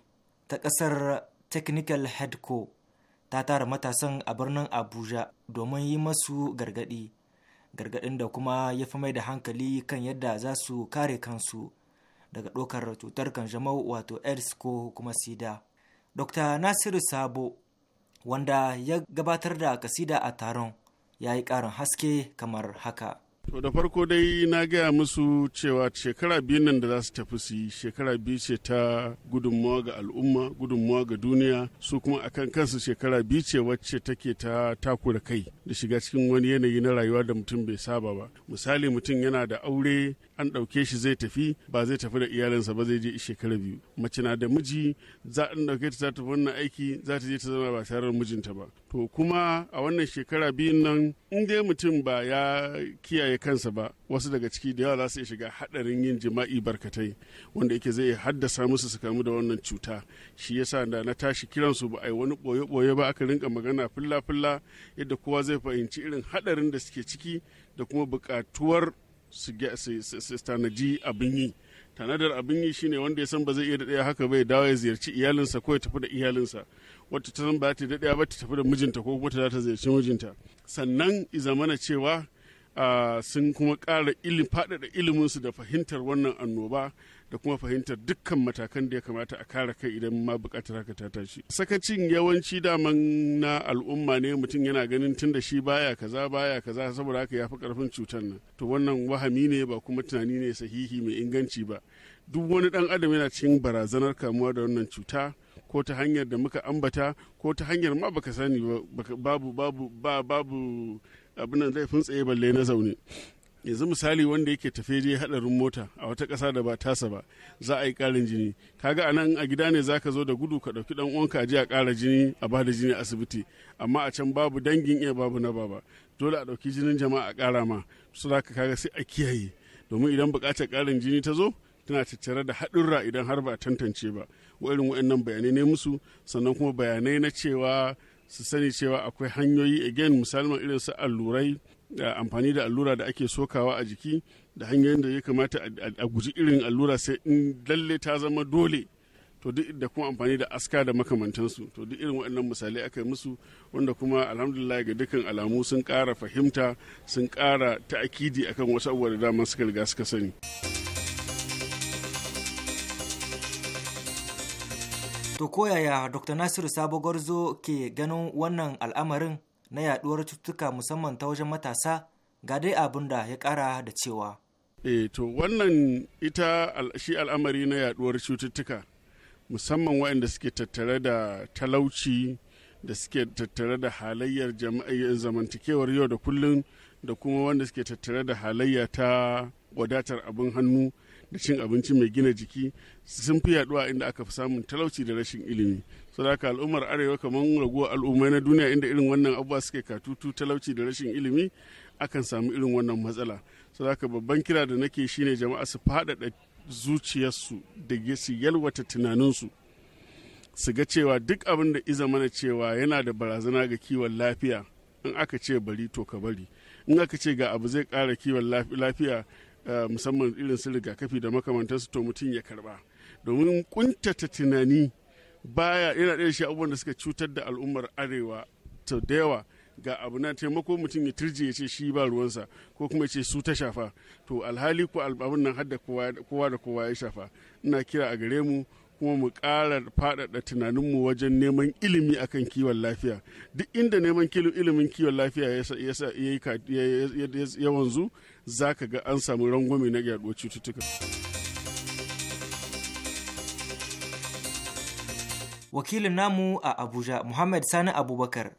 ta ƙasar technical headco ta tara matasan a birnin abuja domin yi masu gargaɗi gargaɗin da kuma ya fi mai da hankali kan yadda za su kare kansu daga ɗaukar cutar kanjamau wato aids ko kuma sida dr nasiru sabo wanda ya gabatar da kasida a taron ya yi ƙarin haske kamar haka To da farko dai na gaya musu cewa shekara biyu nan da za su tafi su yi shekara biyu ce ta gudunmawa ga al'umma gudunmawa ga duniya su kuma akan kansu shekara biyu ce wacce take ta takura kai da shiga cikin wani yanayi na rayuwa da mutum bai saba ba misali mutum yana da aure an ɗauke shi zai tafi ba zai tafi da iyalinsa ba zai je shekara biyu mace na da miji za an ɗauke ta za ta wannan aiki za ta je ta zama ba tare da mijinta ba to kuma a wannan shekara biyun nan in dai mutum ba ya kiyaye kansa ba wasu daga ciki da yawa za su iya shiga hadarin yin jima'i barkatai wanda yake zai haddasa musu su kamu da wannan cuta shi yasa da na tashi kiransu ba a yi wani ɓoye-ɓoye ba aka rinka magana fulla-fulla yadda kowa zai fahimci irin hadarin da suke ciki da kuma buƙatuwar su tanaji abin yi tanadar abin yi shine wanda ya san ba zai iya daɗaya haka bai dawo ya ziyarci iyalinsa ko ya tafi da iyalinsa wata ta san ba ta daɗaya ba ta tafi da mijinta ko kuma ta za ta ziyarci mijinta sannan i zamana cewa sun kuma kara ilim faɗaɗa iliminsu da fahimtar wannan annoba da kuma fahimtar dukkan matakan da ya kamata a kara kai idan ma buƙatar haka ta tashi sakacin yawanci daman na al'umma ne mutum yana ganin tun da shi baya kaza baya kaza saboda haka ya fi ƙarfin cutar nan to wannan wahami ne ba kuma tunani ne sahihi mai inganci ba duk wani ɗan adam yana cikin barazanar kamuwa da wannan cuta ko ta hanyar da muka ambata ko ta hanyar ma baka sani babu babu babu abin zai fin tsaye balle na zaune yanzu misali wanda yake tafe je hadarin mota a wata ƙasa da ba tasa ba za a yi ƙarin jini kaga a nan a gida ne zaka zo da gudu ka ɗauki ɗan uwanka je a ƙara jini a ba da jini asibiti amma a can babu dangin iya babu na baba dole a ɗauki jinin jama'a a ƙara ma su za ka kaga sai a kiyaye domin idan buƙatar ƙarin jini ta zo tana tattare da haɗurra idan har ba tantance ba irin waɗannan bayanai ne musu sannan kuma bayanai na cewa su sani cewa akwai hanyoyi again musamman irin su allurai da amfani da allura da ake sokawa a jiki da hanyoyin da ya kamata a guji irin allura sai in lalle ta zama dole to duk da kuma amfani da aska da makamantansu to duk irin waɗannan misalai aka yi musu wanda kuma alhamdulillah ga dukkan alamu sun ƙara fahimta sun ƙara ta'akidi akan wasu abubuwa da dama suka riga suka sani. To koyaya Dr. Nasiru Sabo Gwarzo ke ganin wannan al'amarin na yaduwar cututtuka musamman ta wajen matasa ga dai abin da ya kara da cewa. E to wannan ita shi al'amari na yaduwar cututtuka musamman waɗanda suke tattare da talauci da suke tattare da halayyar eh, zamantakewar yau da kullum da kuma wanda suke tattare da halayya ta wadatar abin hannu da cin abinci mai gina jiki sun fi yaduwa inda aka fi samun talauci da rashin ilimi saboda al'ummar arewa kamar raguwar al'ummai na duniya inda irin wannan abubuwa suke katutu talauci da rashin ilimi akan samu irin wannan matsala saboda babban kira da nake shine jama'a su faɗaɗa zuciyarsu da su yalwata tunaninsu su ga cewa duk abin da iza mana cewa yana da barazana ga kiwon lafiya in aka ce bari to ka bari in aka ce ga abu zai ƙara kiwon lafiya Eh, musamman irin su rigakafi da makamantansu to mutum ya karba domin kuntata tunani baya yana ɗaya shi abubuwan da suka cutar da al'ummar arewa to da yawa ga abu na taimako mutum ya turje ya ce shi ba ruwansa ko kuma ya ce su ta shafa to alhali ko abin nan hadda kowa da kowa ya shafa ina kira a gare mu kuma mu ƙara faɗaɗa tunaninmu wajen neman ilimi akan kiwon lafiya duk inda neman ilimin kiwon lafiya ya wanzu za ka ga an samu rangwame na yaduwar cututtuka. wakilin namu a abuja muhammad sani abubakar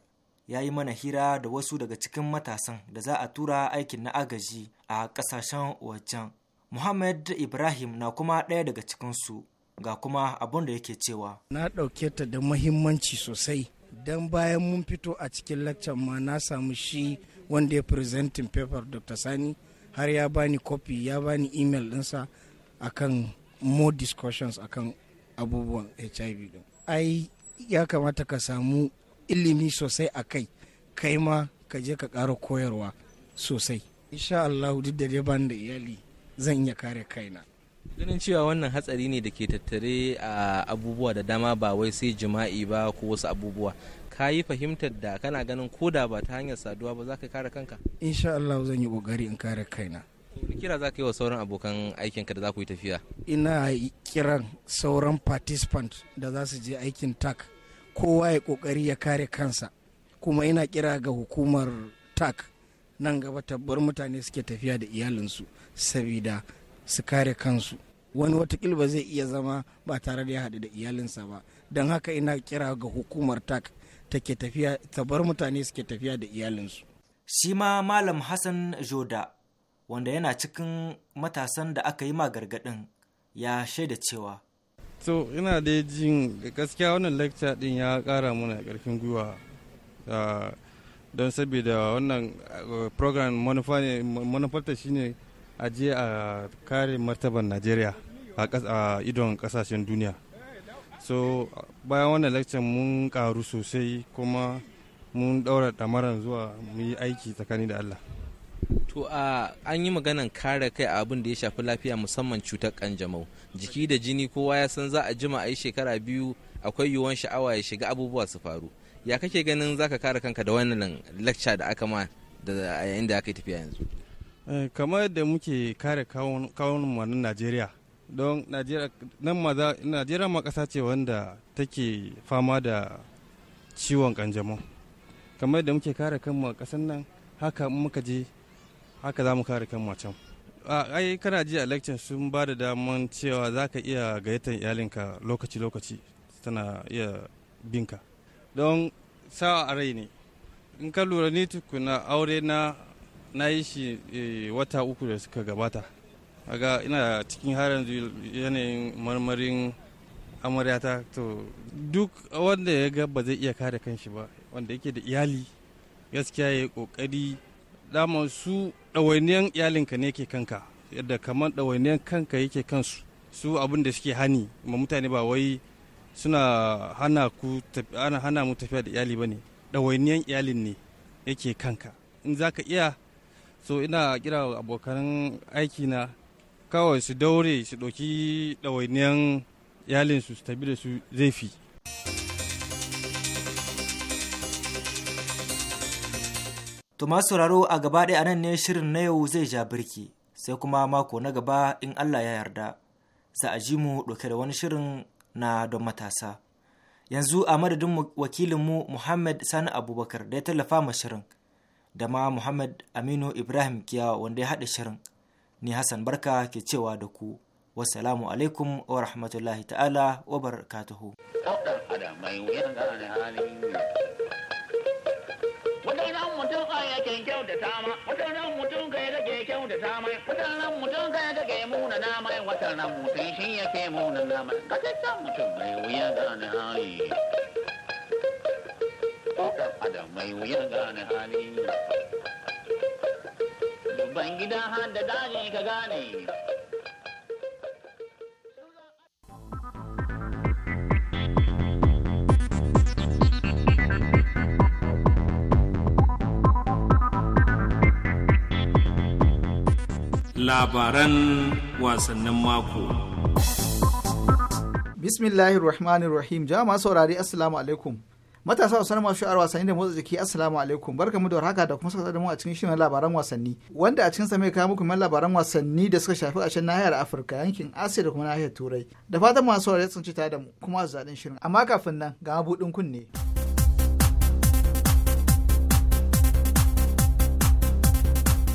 ya yi mana hira da wasu daga cikin matasan da za a tura aikin na agaji a kasashen wajen muhammad ibrahim na kuma ɗaya daga cikinsu ga kuma abin da yake cewa na ɗauke ta da mahimmanci sosai don bayan mun fito a cikin laccan ma na samu shi wanda ya presenting paper dr sani har ya bani copy ya bani email ɗinsa akan more discussions akan abubuwan hiv din ai ya kamata ka samu ilimi sosai a kai kai ma ka je ka ƙara koyarwa sosai insha Allah duk da dai bani da iyali zan iya kare kaina ganin cewa wannan hatsari ne da ke tattare a abubuwa da dama ba wai sai jima'i ba ko wasu abubuwa ka yi fahimtar da kana ganin koda ba ta hanyar saduwa ba za ka kare kanka insha Allah zan yi kokari in kare kaina kira za ka yi wa sauran abokan aikinka da za ku yi tafiya ina kiran sauran participant da za su je aikin tak kowa ya kokari ya kare kansa kuma ina kira ga hukumar tak nan gaba tabbar mutane suke tafiya da iyalinsu saboda su kare kansu wani watakil ba zai iya zama ba tare da ya haɗu da iyalinsa ba don haka ina kira ga hukumar tak take tafiya ta bar mutane suke tafiya da iyalinsu shi ma malam hassan joda wanda yana cikin matasan da aka yi ma gargaɗin ya shaida cewa so ina da jin gaskiya wannan lecture din ya kara mana karfin gwiwa ah, don saboda wannan ah, program manufarta shine a je a kare martaban najeriya a idon kasashen duniya so bayan wannan lecture mun karu sosai kuma mun daura damaran zuwa mu yi aiki tsakani da allah to a an yi maganan kare kai abin da ya shafi lafiya musamman cutar kanjamau jiki da jini kowa ya san za a jima a yi shekara biyu akwai yiwuwan sha'awa ya shiga abubuwa su faru ya kake ganin za ka kare kanka da wannan lecture da aka ma da yayin da aka yi tafiya yanzu eh, kamar yadda muke kare kawun mu najeriya don najeriya ma ƙasa ce wanda take fama da ciwon kanjamau kamar yadda muke kare kanmu a kasan nan haka muka je haka za mu kare kan a can ai kana ji a lecture sun ba da daman cewa za ka iya gayyatar iyalinka lokaci-lokaci tana iya binka don sawa a rai ne in ka lura ni tukuna aure na na yi shi eh, wata uku da suka gabata aga ina cikin harin yanayin marmarin amaryata to duk wanda ya ga ba zai iya kare kanshi ba wanda yake da iyali gaskiya ya yi kokari dama su ɗawainiyan iyalinka ne ke kanka yadda kamar ɗawainiyan kanka yake kansu su abin da suke hani ma mutane ba wai suna hana ku hana mu tafiya da iyali ba ne ɗawainiyan iyalin ne yake kanka in za ka iya so ina kira abokan aiki na kawai su daure su ɗauki ɗawainiyar iyalinsu su tabi da su zai fi To sauraro a gaba ɗaya anan ne shirin na yau zai ja birki sai kuma mako na gaba in Allah ya yarda za a ji mu ɗauke da wani shirin na don matasa. Yanzu a madadin wakilinmu Muhammad Sani Abubakar da ya tallafa ma shirin da ma Muhammad Aminu Ibrahim Kiyawa wanda ya haɗa shirin. ni Hassan Barka ke cewa da ku wasalamu alaikum wa rahmatullahi ta'ala wa barakatuhu. Mutanen mutum ka ke kyautata ma, mutum mai, mutum ka ke namai, mutum ke namai, mai gane hali. mai gane hali. ban gida da daji ka gane. Labaran wasannin mako. Bismillahirrahmanirrahim. Jama'a saurari Assalamu alaikum. matasa wasu masu masu wasanni da motsa jiki assalamu alaikum barka mu da warhaka da kuma saka da mu a cikin shirin labaran wasanni wanda a cikin sa mai kawo muku labaran wasanni da suka shafi ƙarshen nahiyar afirka yankin asiya da kuma nahiyar turai da fatan masu saurare sun ci tare da mu kuma a zaɗin shirin amma kafin nan ga mabuɗin kunne.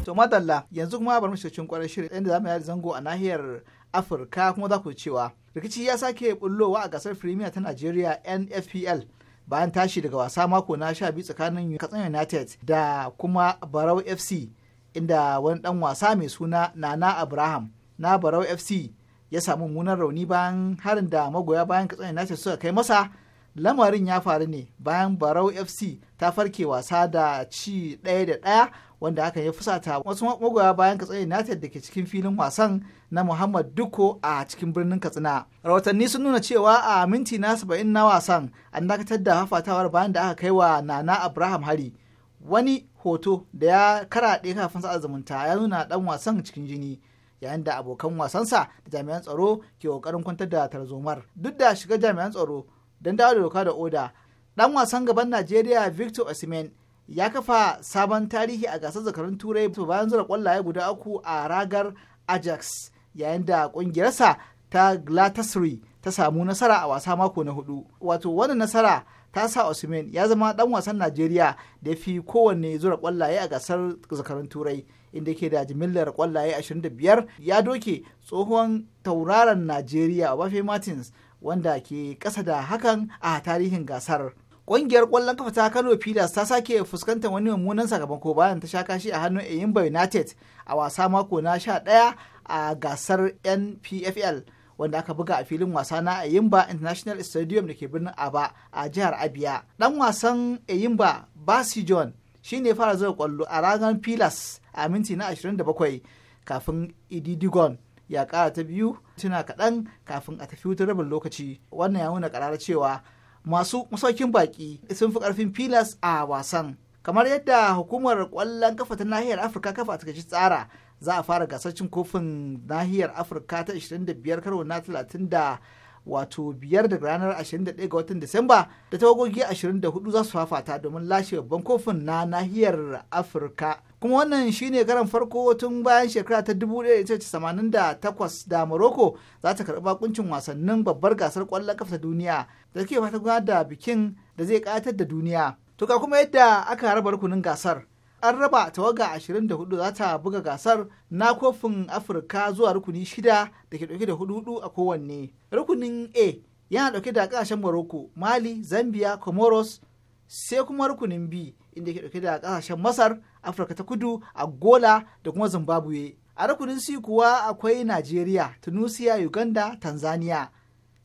to madalla yanzu kuma bar mu cikin kwarar shirin inda za mu yi zango a nahiyar afirka kuma za ku cewa rikici ya sake bullowa a gasar firimiya ta najeriya nfpl bayan tashi daga wasa mako na sha biyu tsakanin Katsina United da kuma Barau FC inda wani dan wasa mai suna Nana Abraham na Barau FC ya samu munar rauni bayan harin da magoya bayan Katsina United suka kai masa lamarin ya faru ne bayan Barau FC ta farke wasa da ci ɗaya da ɗaya wanda hakan ya fusata wasu magoya bayan katsina united da ke cikin filin wasan na muhammad duko a cikin birnin katsina rahotanni sun nuna cewa a minti na saba'in na wasan an dakatar da hafatawar bayan da aka kai wa nana abraham hari wani hoto da ya karaɗe kafin sa'a zumunta ya nuna dan wasan cikin jini yayin da abokan wasansa da jami'an tsaro ke kokarin kwantar da tarzomar duk da shiga jami'an tsaro don dawo da doka da oda dan wasan gaban najeriya victor osimhen ya kafa sabon tarihi a gasar zakarun turai bayan zura kwallaye guda uku a ragar ajax yayin da ƙungiyarsa ta glatasri ta samu nasara a wasa mako na hudu wato wannan nasara ta sa Osimhen ya zama dan wasan Najeriya da fi kowanne zura kwallaye a gasar zakarun Turai inda ke da jimillar kwallaye 25 ya doke tsohon tauraron Najeriya Obafemi Martins wanda ke kasa da hakan a tarihin gasar. Ƙungiyar ƙwallon kafa ta Kano Pilas ta sake fuskantar wani mummunan sakamako bayan ta sha kashi a hannun Eyimba United a wasa mako na sha ɗaya a gasar NPFL wanda aka buga a filin wasa na Eyimba International Stadium da ke birnin Aba a jihar Abia. Ɗan wasan Eyimba Basi John shi ne fara zuwa ƙwallo a ragan Pilas a minti na 27 kafin Ididigon ya kara ta biyu tuna kaɗan kafin a tafi wutar rabin lokaci. Wannan ya nuna karara cewa masu masaukin baki sun fi karfin filas a wasan kamar yadda hukumar kwallon kafa ta nahiyar afirka kafa a takaici tsara za a fara gasar cin kofin nahiyar afirka ta 25 karo na 30 da wato biyar daga ranar 21 ga watan disamba da tawagogi 24 za su fafata domin lashe babban kofin na nahiyar afirka kuma wannan shine karan farko tun bayan shekara ta 1988 da morocco za ta karɓi bakuncin wasannin babbar gasar kwallon kafa ta duniya da suke fata gudanar da bikin da zai ƙayatar da duniya. To ga kuma yadda aka raba rukunin gasar. An raba tawaga 24 za ta buga gasar na kofin Afirka zuwa rukuni shida da ke ɗauke da hudu a kowanne. Rukunin A yana ɗauke da ƙasashen Morocco, Mali, Zambia, Comoros, sai kuma rukunin B inda ke ɗauke da ƙasashen Masar, Afirka ta Kudu, Angola da kuma Zimbabwe. A rukunin C kuwa akwai Najeriya, Tunisia, Uganda, Tanzania.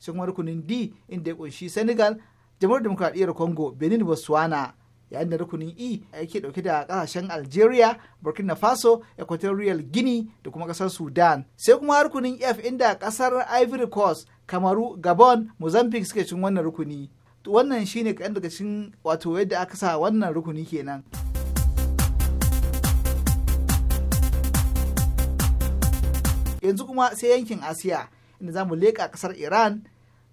sai kuma rukunin d inda ya kunshi senegal jamhuriyar demokradiyyar congo benin botswana yayin da rukunin e yake dauke da kasashen algeria burkina faso equatorial guinea da kuma kasar sudan sai kuma rukunin f inda kasar ivory coast kamaru gabon mozambique suke cin wannan rukuni wannan shine kaɗan daga cikin wato yadda aka sa wannan rukuni kenan. yanzu kuma sai yankin asiya inda za mu leƙa ƙasar iran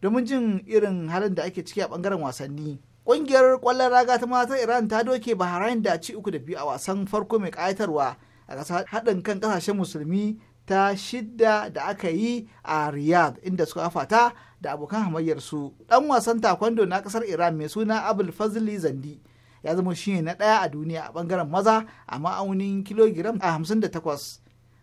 domin jin irin halin da ake ciki a bangaren wasanni ƙungiyar ƙwallon raga ta mata iran ta doke bahrain da ci uku da biyu a wasan farko mai kayatarwa a kasa haɗin kan ƙasashen musulmi ta shidda da aka yi a riyadh inda suka fata da abokan hamayyarsu ɗan wasan takwando na ƙasar iran mai suna abul fazli zandi ya zama shi na ɗaya a duniya a bangaren maza a ma'aunin kilogiram a 58.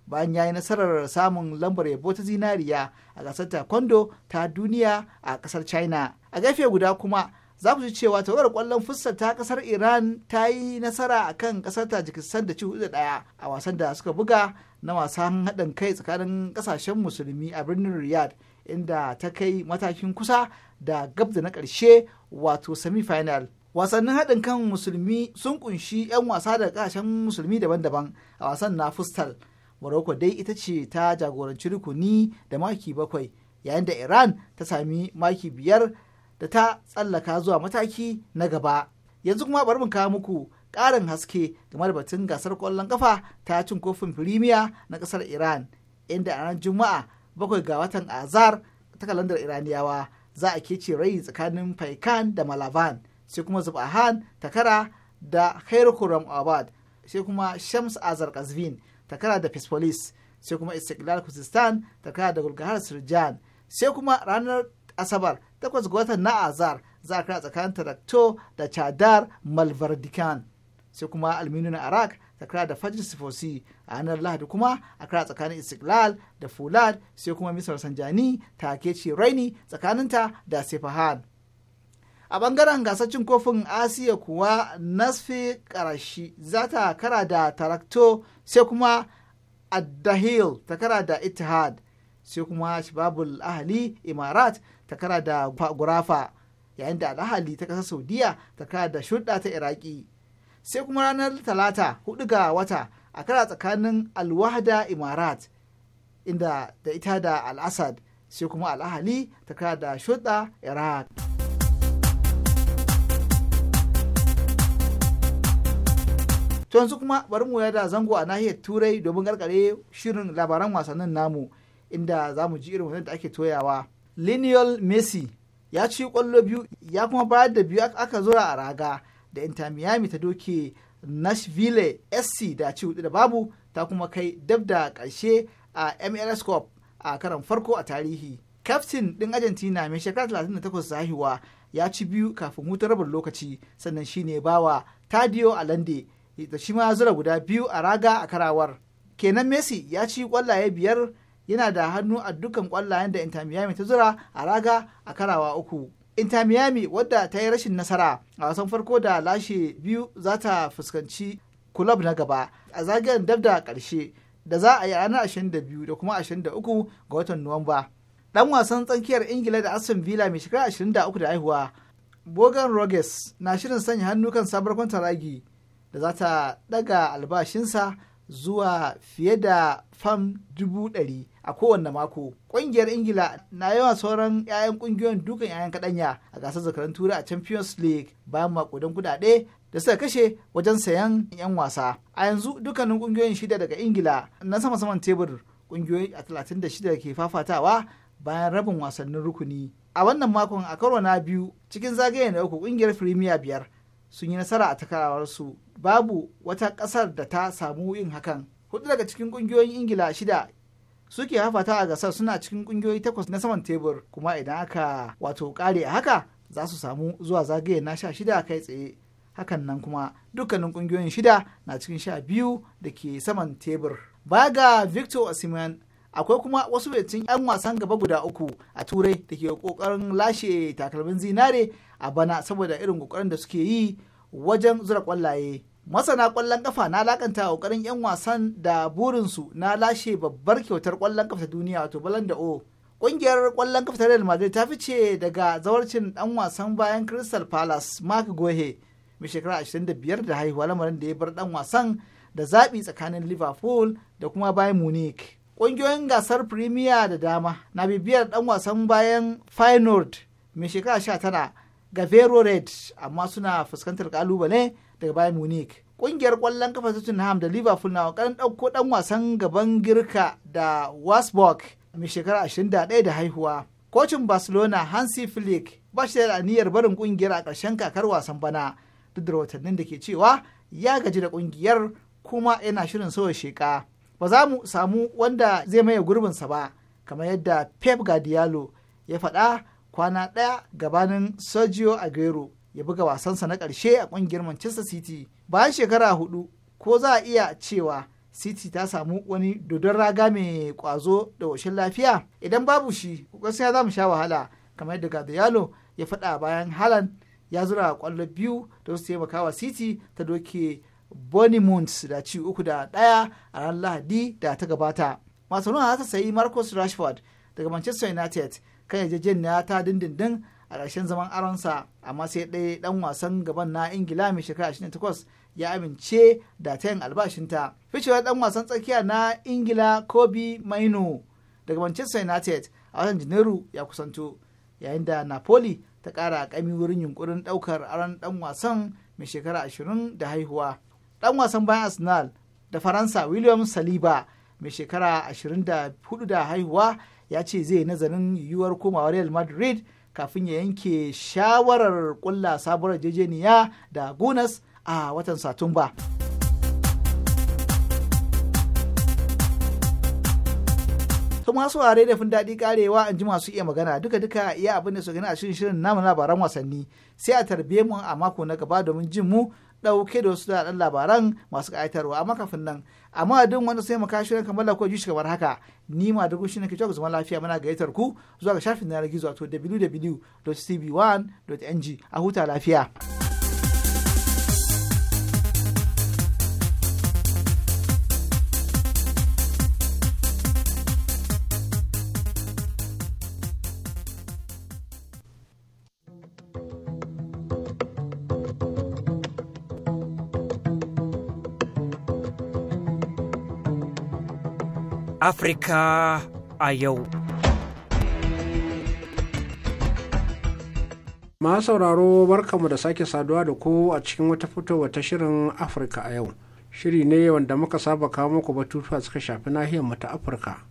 bayan ya yi nasarar samun lambar yabo ta zinariya a gasar taekwondo ta duniya a kasar china a gafe guda kuma za ku ji cewa tawarar kwallon futsal ta kasar iran ta yi nasara a kan kasar tajikistan da ci da daya a wasan da suka buga na wasan haɗin kai tsakanin ƙasashen musulmi a birnin riyad inda ta kai matakin kusa da gab da na ƙarshe wato semi-final wasannin haɗin kan musulmi sun ƙunshi 'yan wasa da kasashen musulmi daban-daban a wasan na fustal morocco dai ita ce ta jagoranci rukuni da maki bakwai yayin da iran ta sami maki biyar da ta tsallaka zuwa mataki na gaba yanzu kuma bari mu kawo muku ƙarin haske game da batun gasar kwallon kafa ta cin kofin firimiya na kasar iran inda a ranar juma'a bakwai ga watan azar ta kalandar iraniyawa za a kece rai tsakanin faikan da malavan sai kuma zubahan takara da khairu abad sai kuma shams azar kazvin takara da Persepolis sai kuma Istiklal Kuzistan takara da Gulgahar Sirjan sai kuma ranar Asabar takwas ga watan na Azar za a kira tsakanin Tarakto da Chadar Malvardikan sai kuma Alminun Arak takara da Fajr Sifosi a ranar Lahadi kuma a kira tsakanin Istiklal da Fulad sai kuma Misar Sanjani ce Raini tsakaninta da Sefahan. a bangaren gasar cin kofin asiya kuwa nasfi karashi za ta kara da tarakto sai kuma addahil ta kara da itihad sai kuma shibabul ahali imarat ta kara da gurafa yayin da al'ahali ta kasar saudiya ta kara da shudda ta iraki sai kuma ranar talata hudu ga wata a kara tsakanin alwahda imarat inda da ita da al'asad sai kuma al'ahali ta kara da shudda iraq to yanzu kuma bari mu yada zango a nahiyar turai domin karkare shirin labaran wasannin namu inda za mu ji irin wasan da ake toyawa lineal messi ya ci kwallo biyu ya kuma bayar da biyu aka zura a raga da inter miami ta doke nashville sc da ci hudu da babu ta kuma kai dab da karshe a mls cup a karan farko a tarihi kaftin din argentina mai shekara 38 zahiwa ya ci biyu kafin hutun rabin lokaci sannan shine bawa tadio alande da shi ma ya zura guda biyu a raga a karawar kenan messi ya ci kwallaye biyar yana da hannu a dukkan kwallayen da inter miami ta zura a raga a karawa uku inter miami wadda ta yi rashin nasara a wasan farko da lashe biyu za ta fuskanci kulob na gaba a zagayen dab karshe da za a yi ranar 22 da kuma 23 ga watan nuwamba dan wasan tsankiyar ingila da aston villa mai shekara 23 da haihuwa bogan rogers na shirin sanya hannu kan sabar kwantar ragi da za ta ɗaga albashinsa zuwa fiye da fam dubu ɗari a kowane mako. Ƙungiyar Ingila na yawa sauran 'ya'yan ƙungiyoyin dukan 'ya'yan kaɗanya a gasar zakarun turai a Champions League bayan makudan kuɗaɗe da suka kashe wajen sayan 'yan wasa. A yanzu dukkanin ƙungiyoyin shida daga Ingila na sama-saman tebur ƙungiyoyi a talatin da shida ke fafatawa bayan rabin wasannin rukuni. A wannan makon a karo na biyu cikin zagaye na uku ƙungiyar Firimiya biyar sun yi nasara a su. babu wata ƙasar da ta samu yin hakan hudu daga cikin ƙungiyoyin ingila shida suke hafata a gasar suna cikin ƙungiyoyi takwas na saman tebur kuma idan aka wato kare a haka za su samu zuwa zagaye na sha shida kai tsaye hakan nan kuma dukkanin ƙungiyoyin shida na cikin sha biyu da ke saman tebur baga victor osimhen akwai kuma wasu wetin 'yan wasan gaba guda uku a turai da ke kokarin lashe takalmin zinare a bana saboda irin kokarin da suke yi wajen zura kwallaye masana kwallon kafa na lakanta kokarin 'yan wasan da burinsu na lashe babbar kyautar kwallon kafa ta duniya wato balan da o Ƙungiyar ƙwallon kafa ta Real Madrid ta fice daga zawarcin ɗan wasan bayan Crystal Palace Mark Gohe mai shekara 25 da haihuwa lamarin da ya bar ɗan wasan da zaɓi tsakanin Liverpool da kuma bayan Munich. ƙungiyoyin gasar Premier da dama na bibiyar ɗan wasan bayan Feyenoord mai shekara 19 vero Red amma suna fuskantar kalubale daga bayan Munich. Ƙungiyar ƙwallon kafa Tottenham da Liverpool na ƙoƙarin ɗauko ɗan wasan gaban Girka da Wasbog mai shekara 21 da haihuwa. Kocin Barcelona Hansi Flick ba shi da aniyar barin ƙungiyar a ƙarshen kakar wasan bana duk da rahotannin da ke cewa ya gaji da ƙungiyar kuma yana shirin sauya sheka. ba za mu samu wanda zai maye gurbinsa ba kamar yadda pep guardiola ya faɗa kwana ɗaya gabanin sergio aguero ya buga wasansa na ƙarshe a ƙungiyar manchester city bayan shekara hudu ko za a iya cewa city ta samu wani dodon raga mai kwazo da washin lafiya idan babu shi gaskiya za mu sha wahala kamar yadda guardiola ya faɗa bayan halan ya zura kwallo biyu da su taimaka wa city ta doke Bonnie Moons da ci uku da ɗaya a ran Lahadi da ta gabata. nuna za ta sayi Marcus Rashford daga Manchester United kan na ta dindindin a ƙarshen zaman aronsa amma sai ɗaya ɗan wasan gaban na Ingila mai shekara 28 ya amince da ta yin albashinta. Ficewar ɗan wasan tsakiya na Ingila Kobe Maino daga Manchester United a watan Janairu ya kusanto yayin da Napoli ta ƙara ƙami wurin yunkurin ɗaukar aron ɗan wasan mai shekara 20 da haihuwa. dan wasan bayan arsenal da faransa william saliba mai shekara 24 da haihuwa ya ce zai nazarin yiwuwar komawa real madrid kafin ya yanke shawarar kulla sabuwar jejeniya da gunas a watan satumba to masu ware da fin daɗi karewa an ji masu iya magana duka duka iya abin da su gani a shirin shirin namu labaran wasanni sai a tarbiye mu a mako na gaba domin jin mu ɗauke da wasu daɗan labaran masu ƙayatarwa amma kafin nan amma duk wanda sai maka shirin kamar da ji shi kamar haka ni ma duk shi ne ke cewa zaman lafiya muna gayyatar ku zuwa ga shafin na gizo wato www.cb1.ng a huta lafiya. Afirka a yau. Ma sauraro barkamu da sake saduwa da ku a cikin wata fitowa ta shirin Afirka a yau. Shiri ne wanda muka saba kawo muku batutuwa suka shafi nahiyar mu ta Afirka.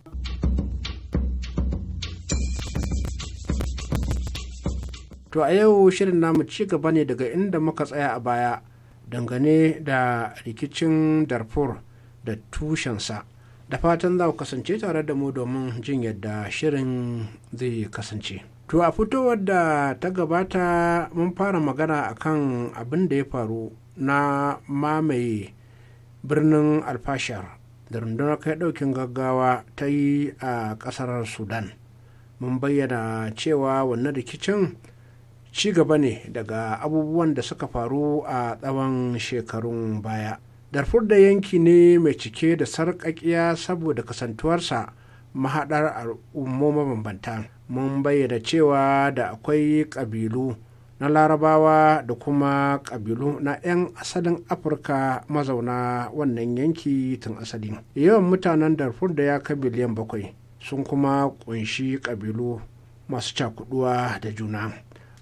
To a yau shirin namu ci gaba ne daga inda muka tsaya a baya dangane da rikicin Darfur da tushensa. da fatan za ku kasance tare da mu domin jin yadda shirin zai kasance to a fitowar da ta gabata mun fara magana akan abin da ya faru na mamaye birnin alfashar da rundunar kai daukin gaggawa ta yi a kasar sudan mun bayyana cewa wannan rikicin ci gaba ne daga abubuwan da suka faru a tsawon shekarun baya darfur da yanki ne mai cike da sarƙaƙiya saboda kasantuwarsa mahaɗar al'ummo mabambanta mun bayyana cewa da akwai ƙabilu na larabawa da kuma ƙabilu na 'yan asalin afirka mazauna wannan yanki tun asali yawan mutanen darfur da ya kai biliyan bakwai sun kuma ƙunshi ƙabilu masu cakuduwa da juna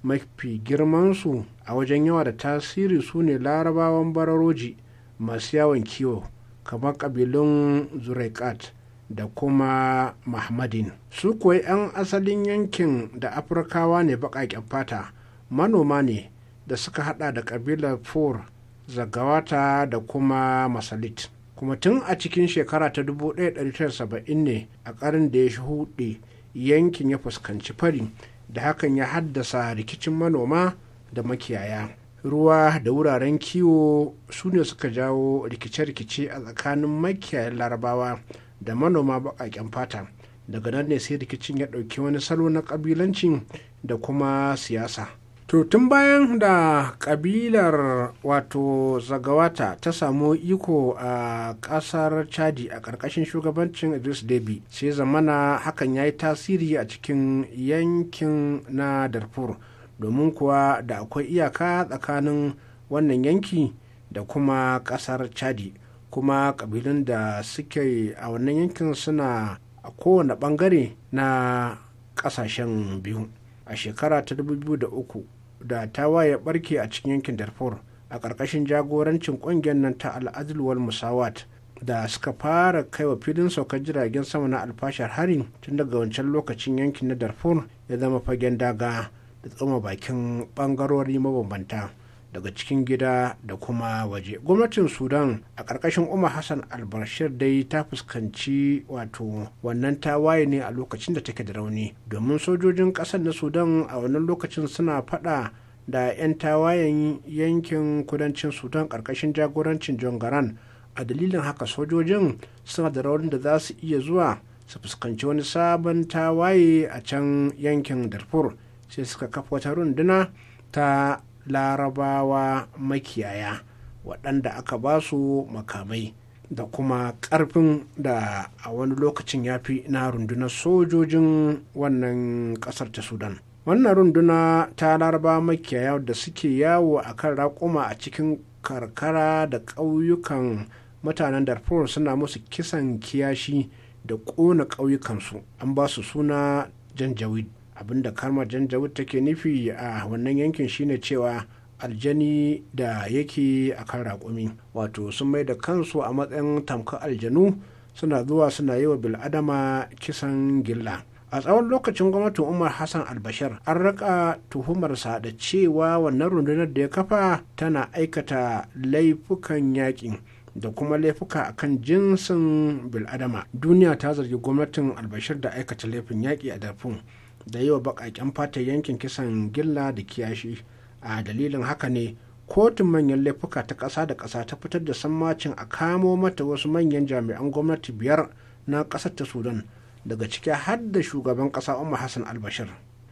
mafi girmansu a wajen yawa da tasiri su ne larabawan bararoji masu yawon kiwo kamar ƙabilun zurekat da kuma mahmadin su kuwa 'yan asalin yankin da afirkawa ne baƙaƙen fata manoma ne da suka hada da ƙabilar fur zagawata da kuma masalit kuma tun a cikin shekara ta 1970 ne a ƙarin da ya shuɗe yankin ya fuskanci fari da hakan ya haddasa rikicin manoma da makiyaya ruwa da wuraren kiwo su ne suka jawo rikice-rikice a tsakanin makiyayan larabawa da manoma baƙaƙen fata daga nan ne sai rikicin ya ɗauki wani salo na ƙabilanci da kuma siyasa to tun bayan da ƙabilar wato zagawata ta samu iko a ƙasar chadi a ƙarƙashin shugabancin idris debi sai zamana hakan ya yi tasiri a cikin yankin na darfur domin kuwa da akwai iyaka tsakanin wannan yanki da kuma ƙasar chadi kuma kabilun da suke a wannan yankin suna a kowane bangare na ƙasashen biyu a shekara ta 2003 da ya barke a cikin yankin darfur a ƙarƙashin jagorancin ƙungiyar nan ta al'adulwar musawat da suka fara kai wa filin saukar jiragen sama na alfashar harin tun daga wancan lokacin yankin na darfur ya zama fagen daga da tsoma bakin bangarori mabambanta daga cikin gida da kuma waje gwamnatin sudan a ƙarƙashin umar hassan albashir dai ta fuskanci wato wannan tawaye ne a lokacin da take da rauni domin sojojin ƙasar na sudan a wannan lokacin suna faɗa da 'yan tawayen yankin kudancin sudan ƙarƙashin jagorancin john garan a dalilin haka sojojin suna da raunin da za su iya zuwa su fuskanci wani sabon tawaye a can yankin darfur sai suka kafa wata runduna ta larabawa makiyaya waɗanda aka ba su makamai da kuma ƙarfin da a wani lokacin ya fi na rundunar sojojin wannan ƙasar ta sudan wannan runduna ta laraba makiyaya da suke yawo a kan raƙuma a cikin karkara da ƙauyukan mutanen darfur suna musu kisan kiyashi da ƙona ƙauyukansu an ba su suna janjawid abinda karma janjawud take nufi a wannan yankin shine cewa aljani da yake a kan raƙumi wato sun mai da kansu a matsayin tamkar aljanu suna zuwa suna yi wa bil'adama kisan gilla a tsawon lokacin gwamnatin umar hassan albashir an raka tuhumarsa da cewa wannan rundunar da ya kafa tana aikata laifukan yaƙi da kuma laifuka a kan jinsin bil'adama duniya ta zargi gwamnatin albashir da aikata laifin yaƙi a darfur da yi wa baƙaƙen fata yankin kisan gilla da kiyashi a dalilin haka ne kotun manyan laifuka ta ƙasa da ƙasa ta fitar da sammacin a kamo mata wasu manyan jami'an gwamnati biyar na ƙasar ta sudan daga ciki har da shugaban ƙasa umar hassan albashir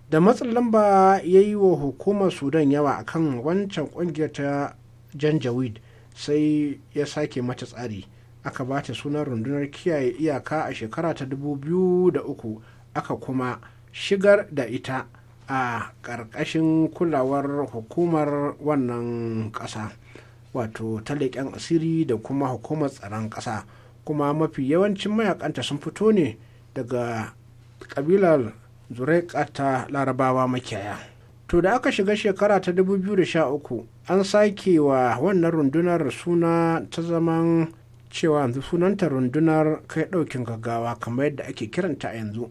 da matsin lamba ya yi wa hukumar sudan yawa akan wancan ƙungiyar ta janjaweed sai ya sake mata tsari aka ba ta sunan rundunar kiyaye iyaka a shekara ta dubu biyu da uku aka kuma shigar da ita a ƙarƙashin kulawar hukumar wannan ƙasa wato ta leƙen asiri da kuma hukumar tsaron ƙasa kuma mafi yawancin mayakanta sun fito ne daga ƙabilar zuraika ta larabawa makiyaya to da aka shiga shekara ta 2013 an sake wa wannan rundunar suna ta zaman cewa yanzu sunanta rundunar kai ɗaukin gaggawa kamar yadda ake kiranta a yanzu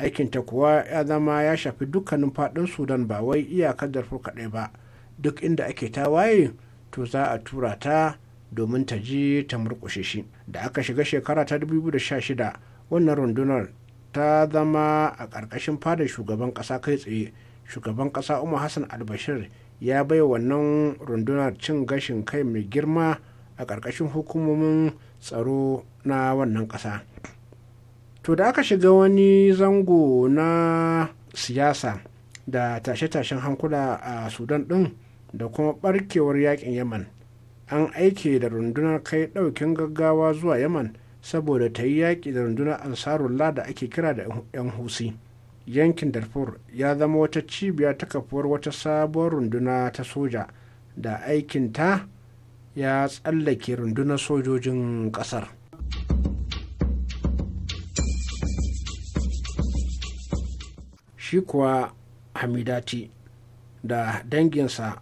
aikinta kuwa ya zama ya shafi dukkanin faɗin sudan ba wai iyakar darfur kaɗai ba duk inda ake tawaye to za a tura ta domin ta ji ta murƙushe shi da aka shiga shekara ta 2016 wannan rundunar ta zama a ƙarƙashin fadar shugaban ƙasa kai tsaye shugaban ƙasa umar hassan albashir ya bai wannan rundunar cin gashin kai mai girma a ƙarƙashin hukumomin tsaro na wannan ƙasa to da aka shiga wani zango na siyasa da tashe-tashen hankula a sudan ɗin da kuma barkewar yakin yaman an aike da rundunar kai ɗaukin gaggawa zuwa yaman saboda ta yi yaƙi da rundunar ansarullah da ake kira da 'yan husi yankin darfur ya zama wata cibiya ta kafuwar wata sabuwar runduna ta soja da aikinta ya tsallake rundunar sojojin ƙasar. shi kuwa hamidati da danginsa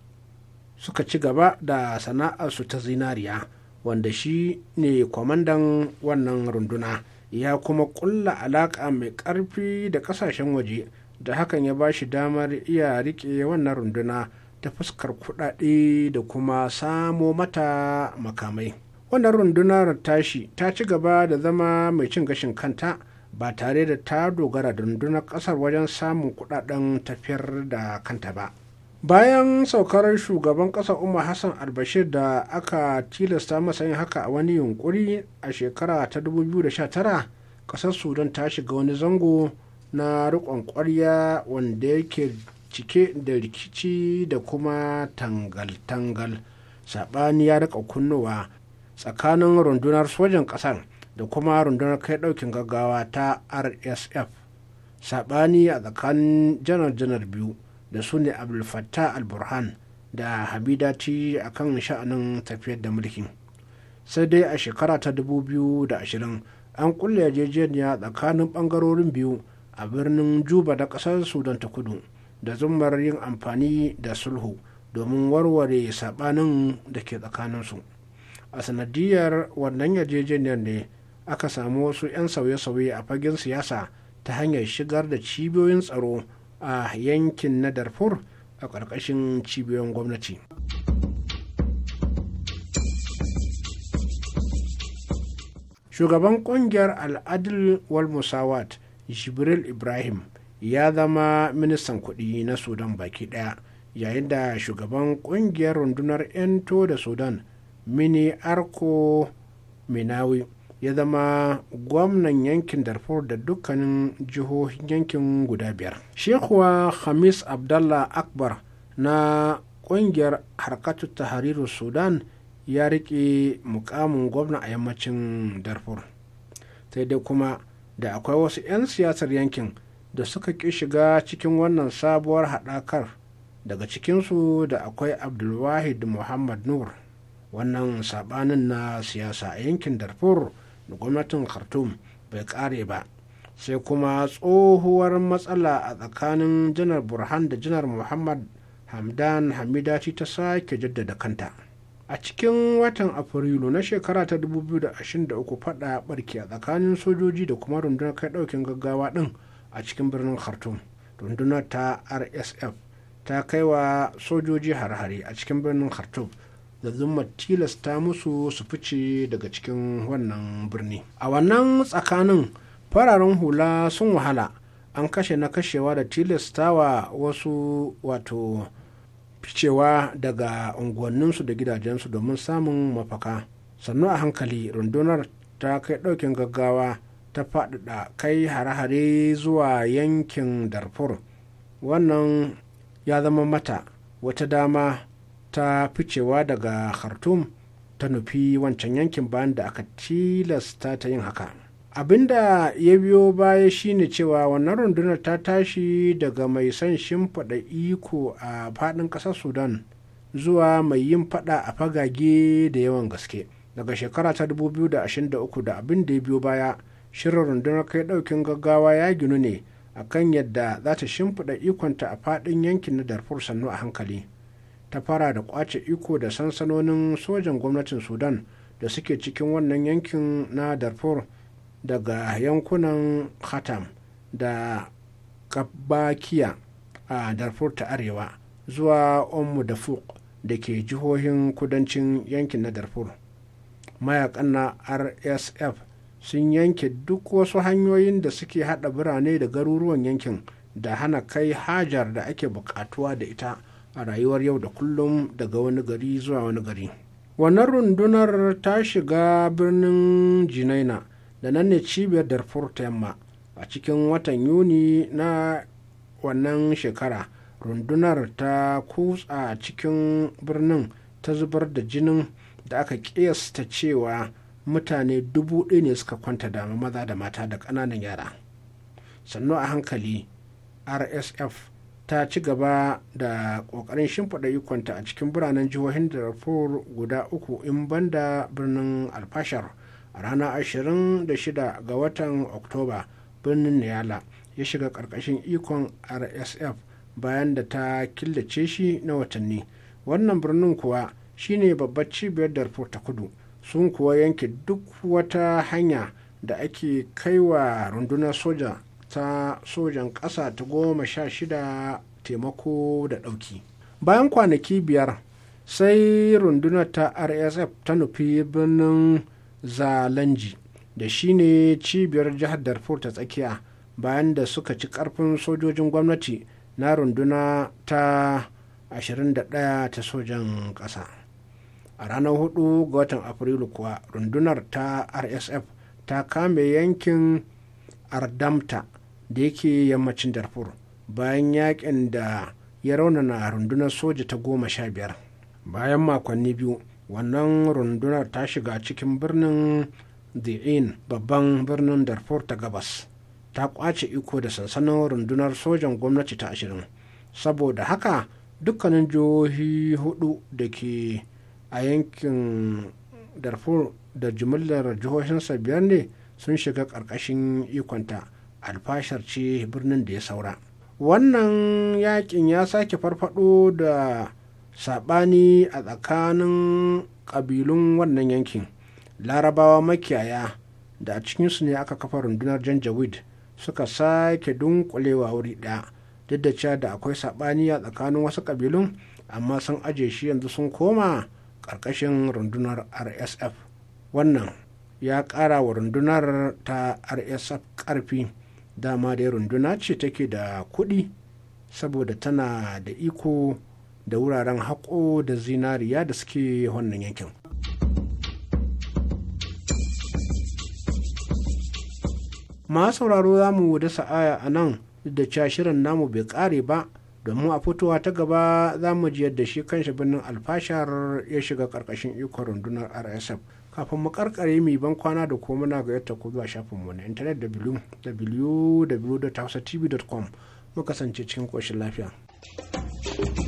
suka ci gaba da sana'arsu ta zinariya wanda shi ne kwamandan wannan runduna ya kuma kulla alaƙa mai ƙarfi da ƙasashen waje da hakan ya ba shi damar iya riƙe wannan runduna ta fuskar kuɗaɗe da kuma samo mata makamai wannan rundunar tashi ta ci gaba da zama mai cin gashin kanta ba tare da ta dogara da rundunar kasar wajen samun kudaden tafiyar da kanta ba bayan saukar shugaban kasar umar hassan albashir da aka tilasta masa yin haka a wani yunkuri a shekara ta 2019 kasar sudan ta shiga wani zango na rikon kwarya wanda yake cike da rikici da kuma tangal-tangal sabani ya rika kunnuwa tsakanin rundunar sojan kasar da kuma rundunar kai daukin gaggawa ta rsf sabani a tsakanin janar-janar biyu da su ne abdulfattah al-burhan da hamidati a kan sha'anin tafiyar da mulki sai dai a shekara ta 2020 an kulle yarjejeniya tsakanin bangarorin biyu a birnin juba da kasar sudan ta kudu da zumar yin amfani da sulhu domin warware sabanin da ke tsakaninsu a sanadiyar wannan yarjejeniyar ne aka samu wasu 'yan sauye-sauye a fagen siyasa ta hanyar shigar da cibiyoyin tsaro a yankin na darfur a ƙarƙashin cibiyoyin gwamnati shugaban ƙungiyar al'adil wal musawat jibril ibrahim ya zama ministan kuɗi na sudan baki ɗaya yayin da shugaban ƙungiyar rundunar 'yanto da sudan mini arko minawi ya zama gwamnan yankin darfur da dukkanin jihohin yankin guda biyar shekuwa hamis abdallah akbar na kungiyar harkatu tahariru sudan ya riƙe mukamin gwamna a yammacin darfur sai dai kuma da akwai wasu 'yan siyasar yankin da suka ƙi shiga cikin wannan sabuwar haɗakar daga cikinsu da akwai abdulwahid muhammad nur wannan sabanin na siyasa a yankin darfur da gwamnatin khartoum bai kare ba sai kuma tsohuwar matsala a tsakanin janar burhan da janar muhammad hamdan hamidaci ta sake jaddada kanta a cikin watan afrilu na shekara ta 2023 fada barki a tsakanin sojoji da kuma rundunar kai daukin gaggawa din a cikin birnin khartoum rundunar ta rsf ta kai wa sojoji har hari a cikin birnin khartoum da zuma tilasta musu su fice daga cikin wannan birni a wannan tsakanin fararen hula sun wahala an kashe na kashewa da tilastawa wasu wato ficewa daga unguwanninsu da gidajensu domin samun mafaka sannu a hankali rundunar ta kai ɗaukin gaggawa ta faɗaɗa kai hare-hare zuwa yankin darfur wannan ya zama mata wata dama ta ficewa daga khartoum ta nufi wancan yankin bayan da aka tilasta ta yin haka abinda ya biyo baya shine cewa wannan rundunar ta tashi daga mai son shimfiɗa iko a faɗin ƙasar sudan zuwa mai yin faɗa a fagage da yawan gaske daga shekara ta 2023 da abin da ya biyo baya shirin rundunar kai ɗaukin gaggawa ya ginu ne akan yadda za ta shimfiɗa ikonta a faɗin yankin na darfur sannu a hankali ta fara da kwace iko da sansanonin sojan gwamnatin sudan da suke cikin wannan yankin na darfur daga yankunan khatam da kabakiya a darfur ta arewa zuwa ummu da fuk da ke jihohin kudancin yankin na darfur mayakan na rsf sun yanke duk wasu hanyoyin da suke hada birane da garuruwan yankin da hana kai hajar da ake bukatuwa da ita a rayuwar yau da kullum daga wani gari zuwa wani gari wannan rundunar ta shiga birnin jinaina da nan ne cibiyar darfur ta yamma a cikin watan yuni na wannan shekara rundunar ta kutsa cikin birnin ta zubar da jinin da aka kiyasta cewa mutane dubu ɗaya ne suka kwanta dama maza da mata da ƙananan yara sannu a hankali rsf ta ci gaba da ƙoƙarin shimfiɗa ikonta a cikin biranen jihohin darfur guda uku in banda birnin alfashar a ranar 26 ga watan oktoba birnin niyala ya shiga ƙarƙashin ikon rsf bayan da ta killace shi na watanni wannan birnin kuwa shine babbar cibiyar darfur ta kudu sun kuwa yanke duk wata hanya da ake kaiwa rundunar soja ta sojan ƙasa ta goma sha shida taimako da ɗauki bayan kwanaki biyar sai rundunar ta rsf ta nufi birnin zalanji da shine cibiyar jihar darfur ta tsakiya bayan da suka ci ƙarfin sojojin gwamnati na runduna ta 21 ta sojan ƙasa a ranar 4 ga watan afrilu kuwa rundunar ta rsf ta kame yankin ardamta da yake yammacin darfur bayan yakin da ya raunana rundunar soja ta goma sha biyar bayan makonni biyu wannan rundunar ta shiga cikin birnin di'in babban birnin darfur ta gabas ta kwace iko da sansanin rundunar sojan gwamnati ta ashirin saboda haka dukkanin jihohi hudu da ke a yankin darfur da jimillar jihohinsa biyar ne sun shiga ƙarƙashin ikonta alfashar ce birnin da ya saura wannan yakin ya sake farfado da sabani a tsakanin kabilun wannan yankin larabawa makiyaya da a cikinsu ne aka kafa rundunar janjawud suka sake dunkulewa wuri ɗaya duk da cewa da akwai sabani a tsakanin wasu kabilun amma sun aje shi yanzu sun koma ƙarƙashin rundunar rsf wannan ya ƙara wa rundunar ta rsf ƙarfi dama da runduna ce take da kuɗi saboda tana da iko da wuraren haƙo da zinariya da suke wannan yankin ma sauraro za mu da sa'aya a nan da cashirin namu bai ƙare ba domin a fitowa ta gaba za mu ji yadda shi kanshi birnin alfashar ya shiga ƙarƙashin ikon rundunar rsf kafin mu karkare mai ban kwana da kuma muna ga yadda kuma shafin mu na intanet www.hausatv.com mu kasance cikin koshin lafiya. thank you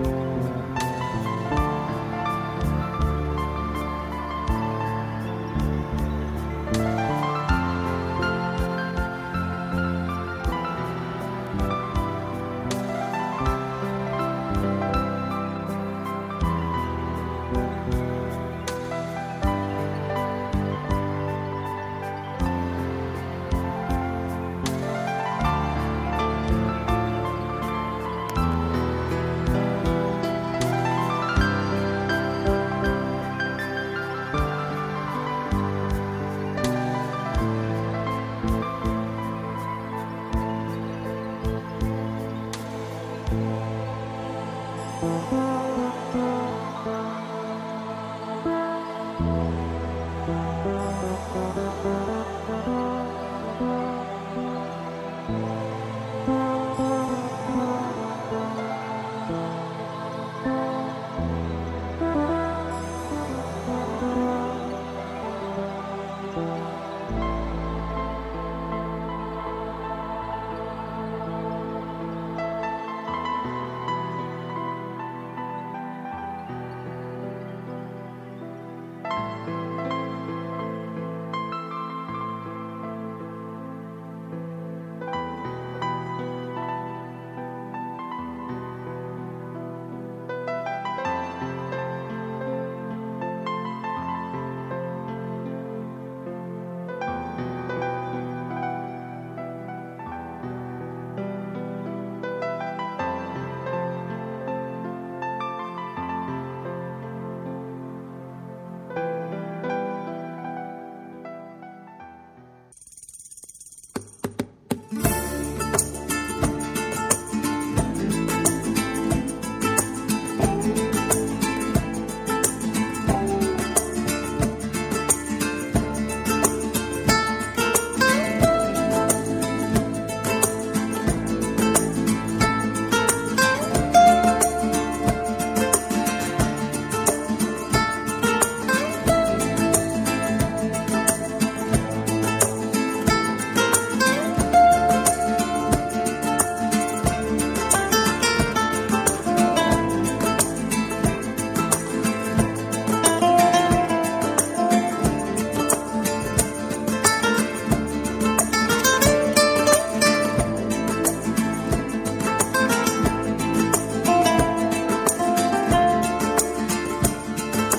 Thank you.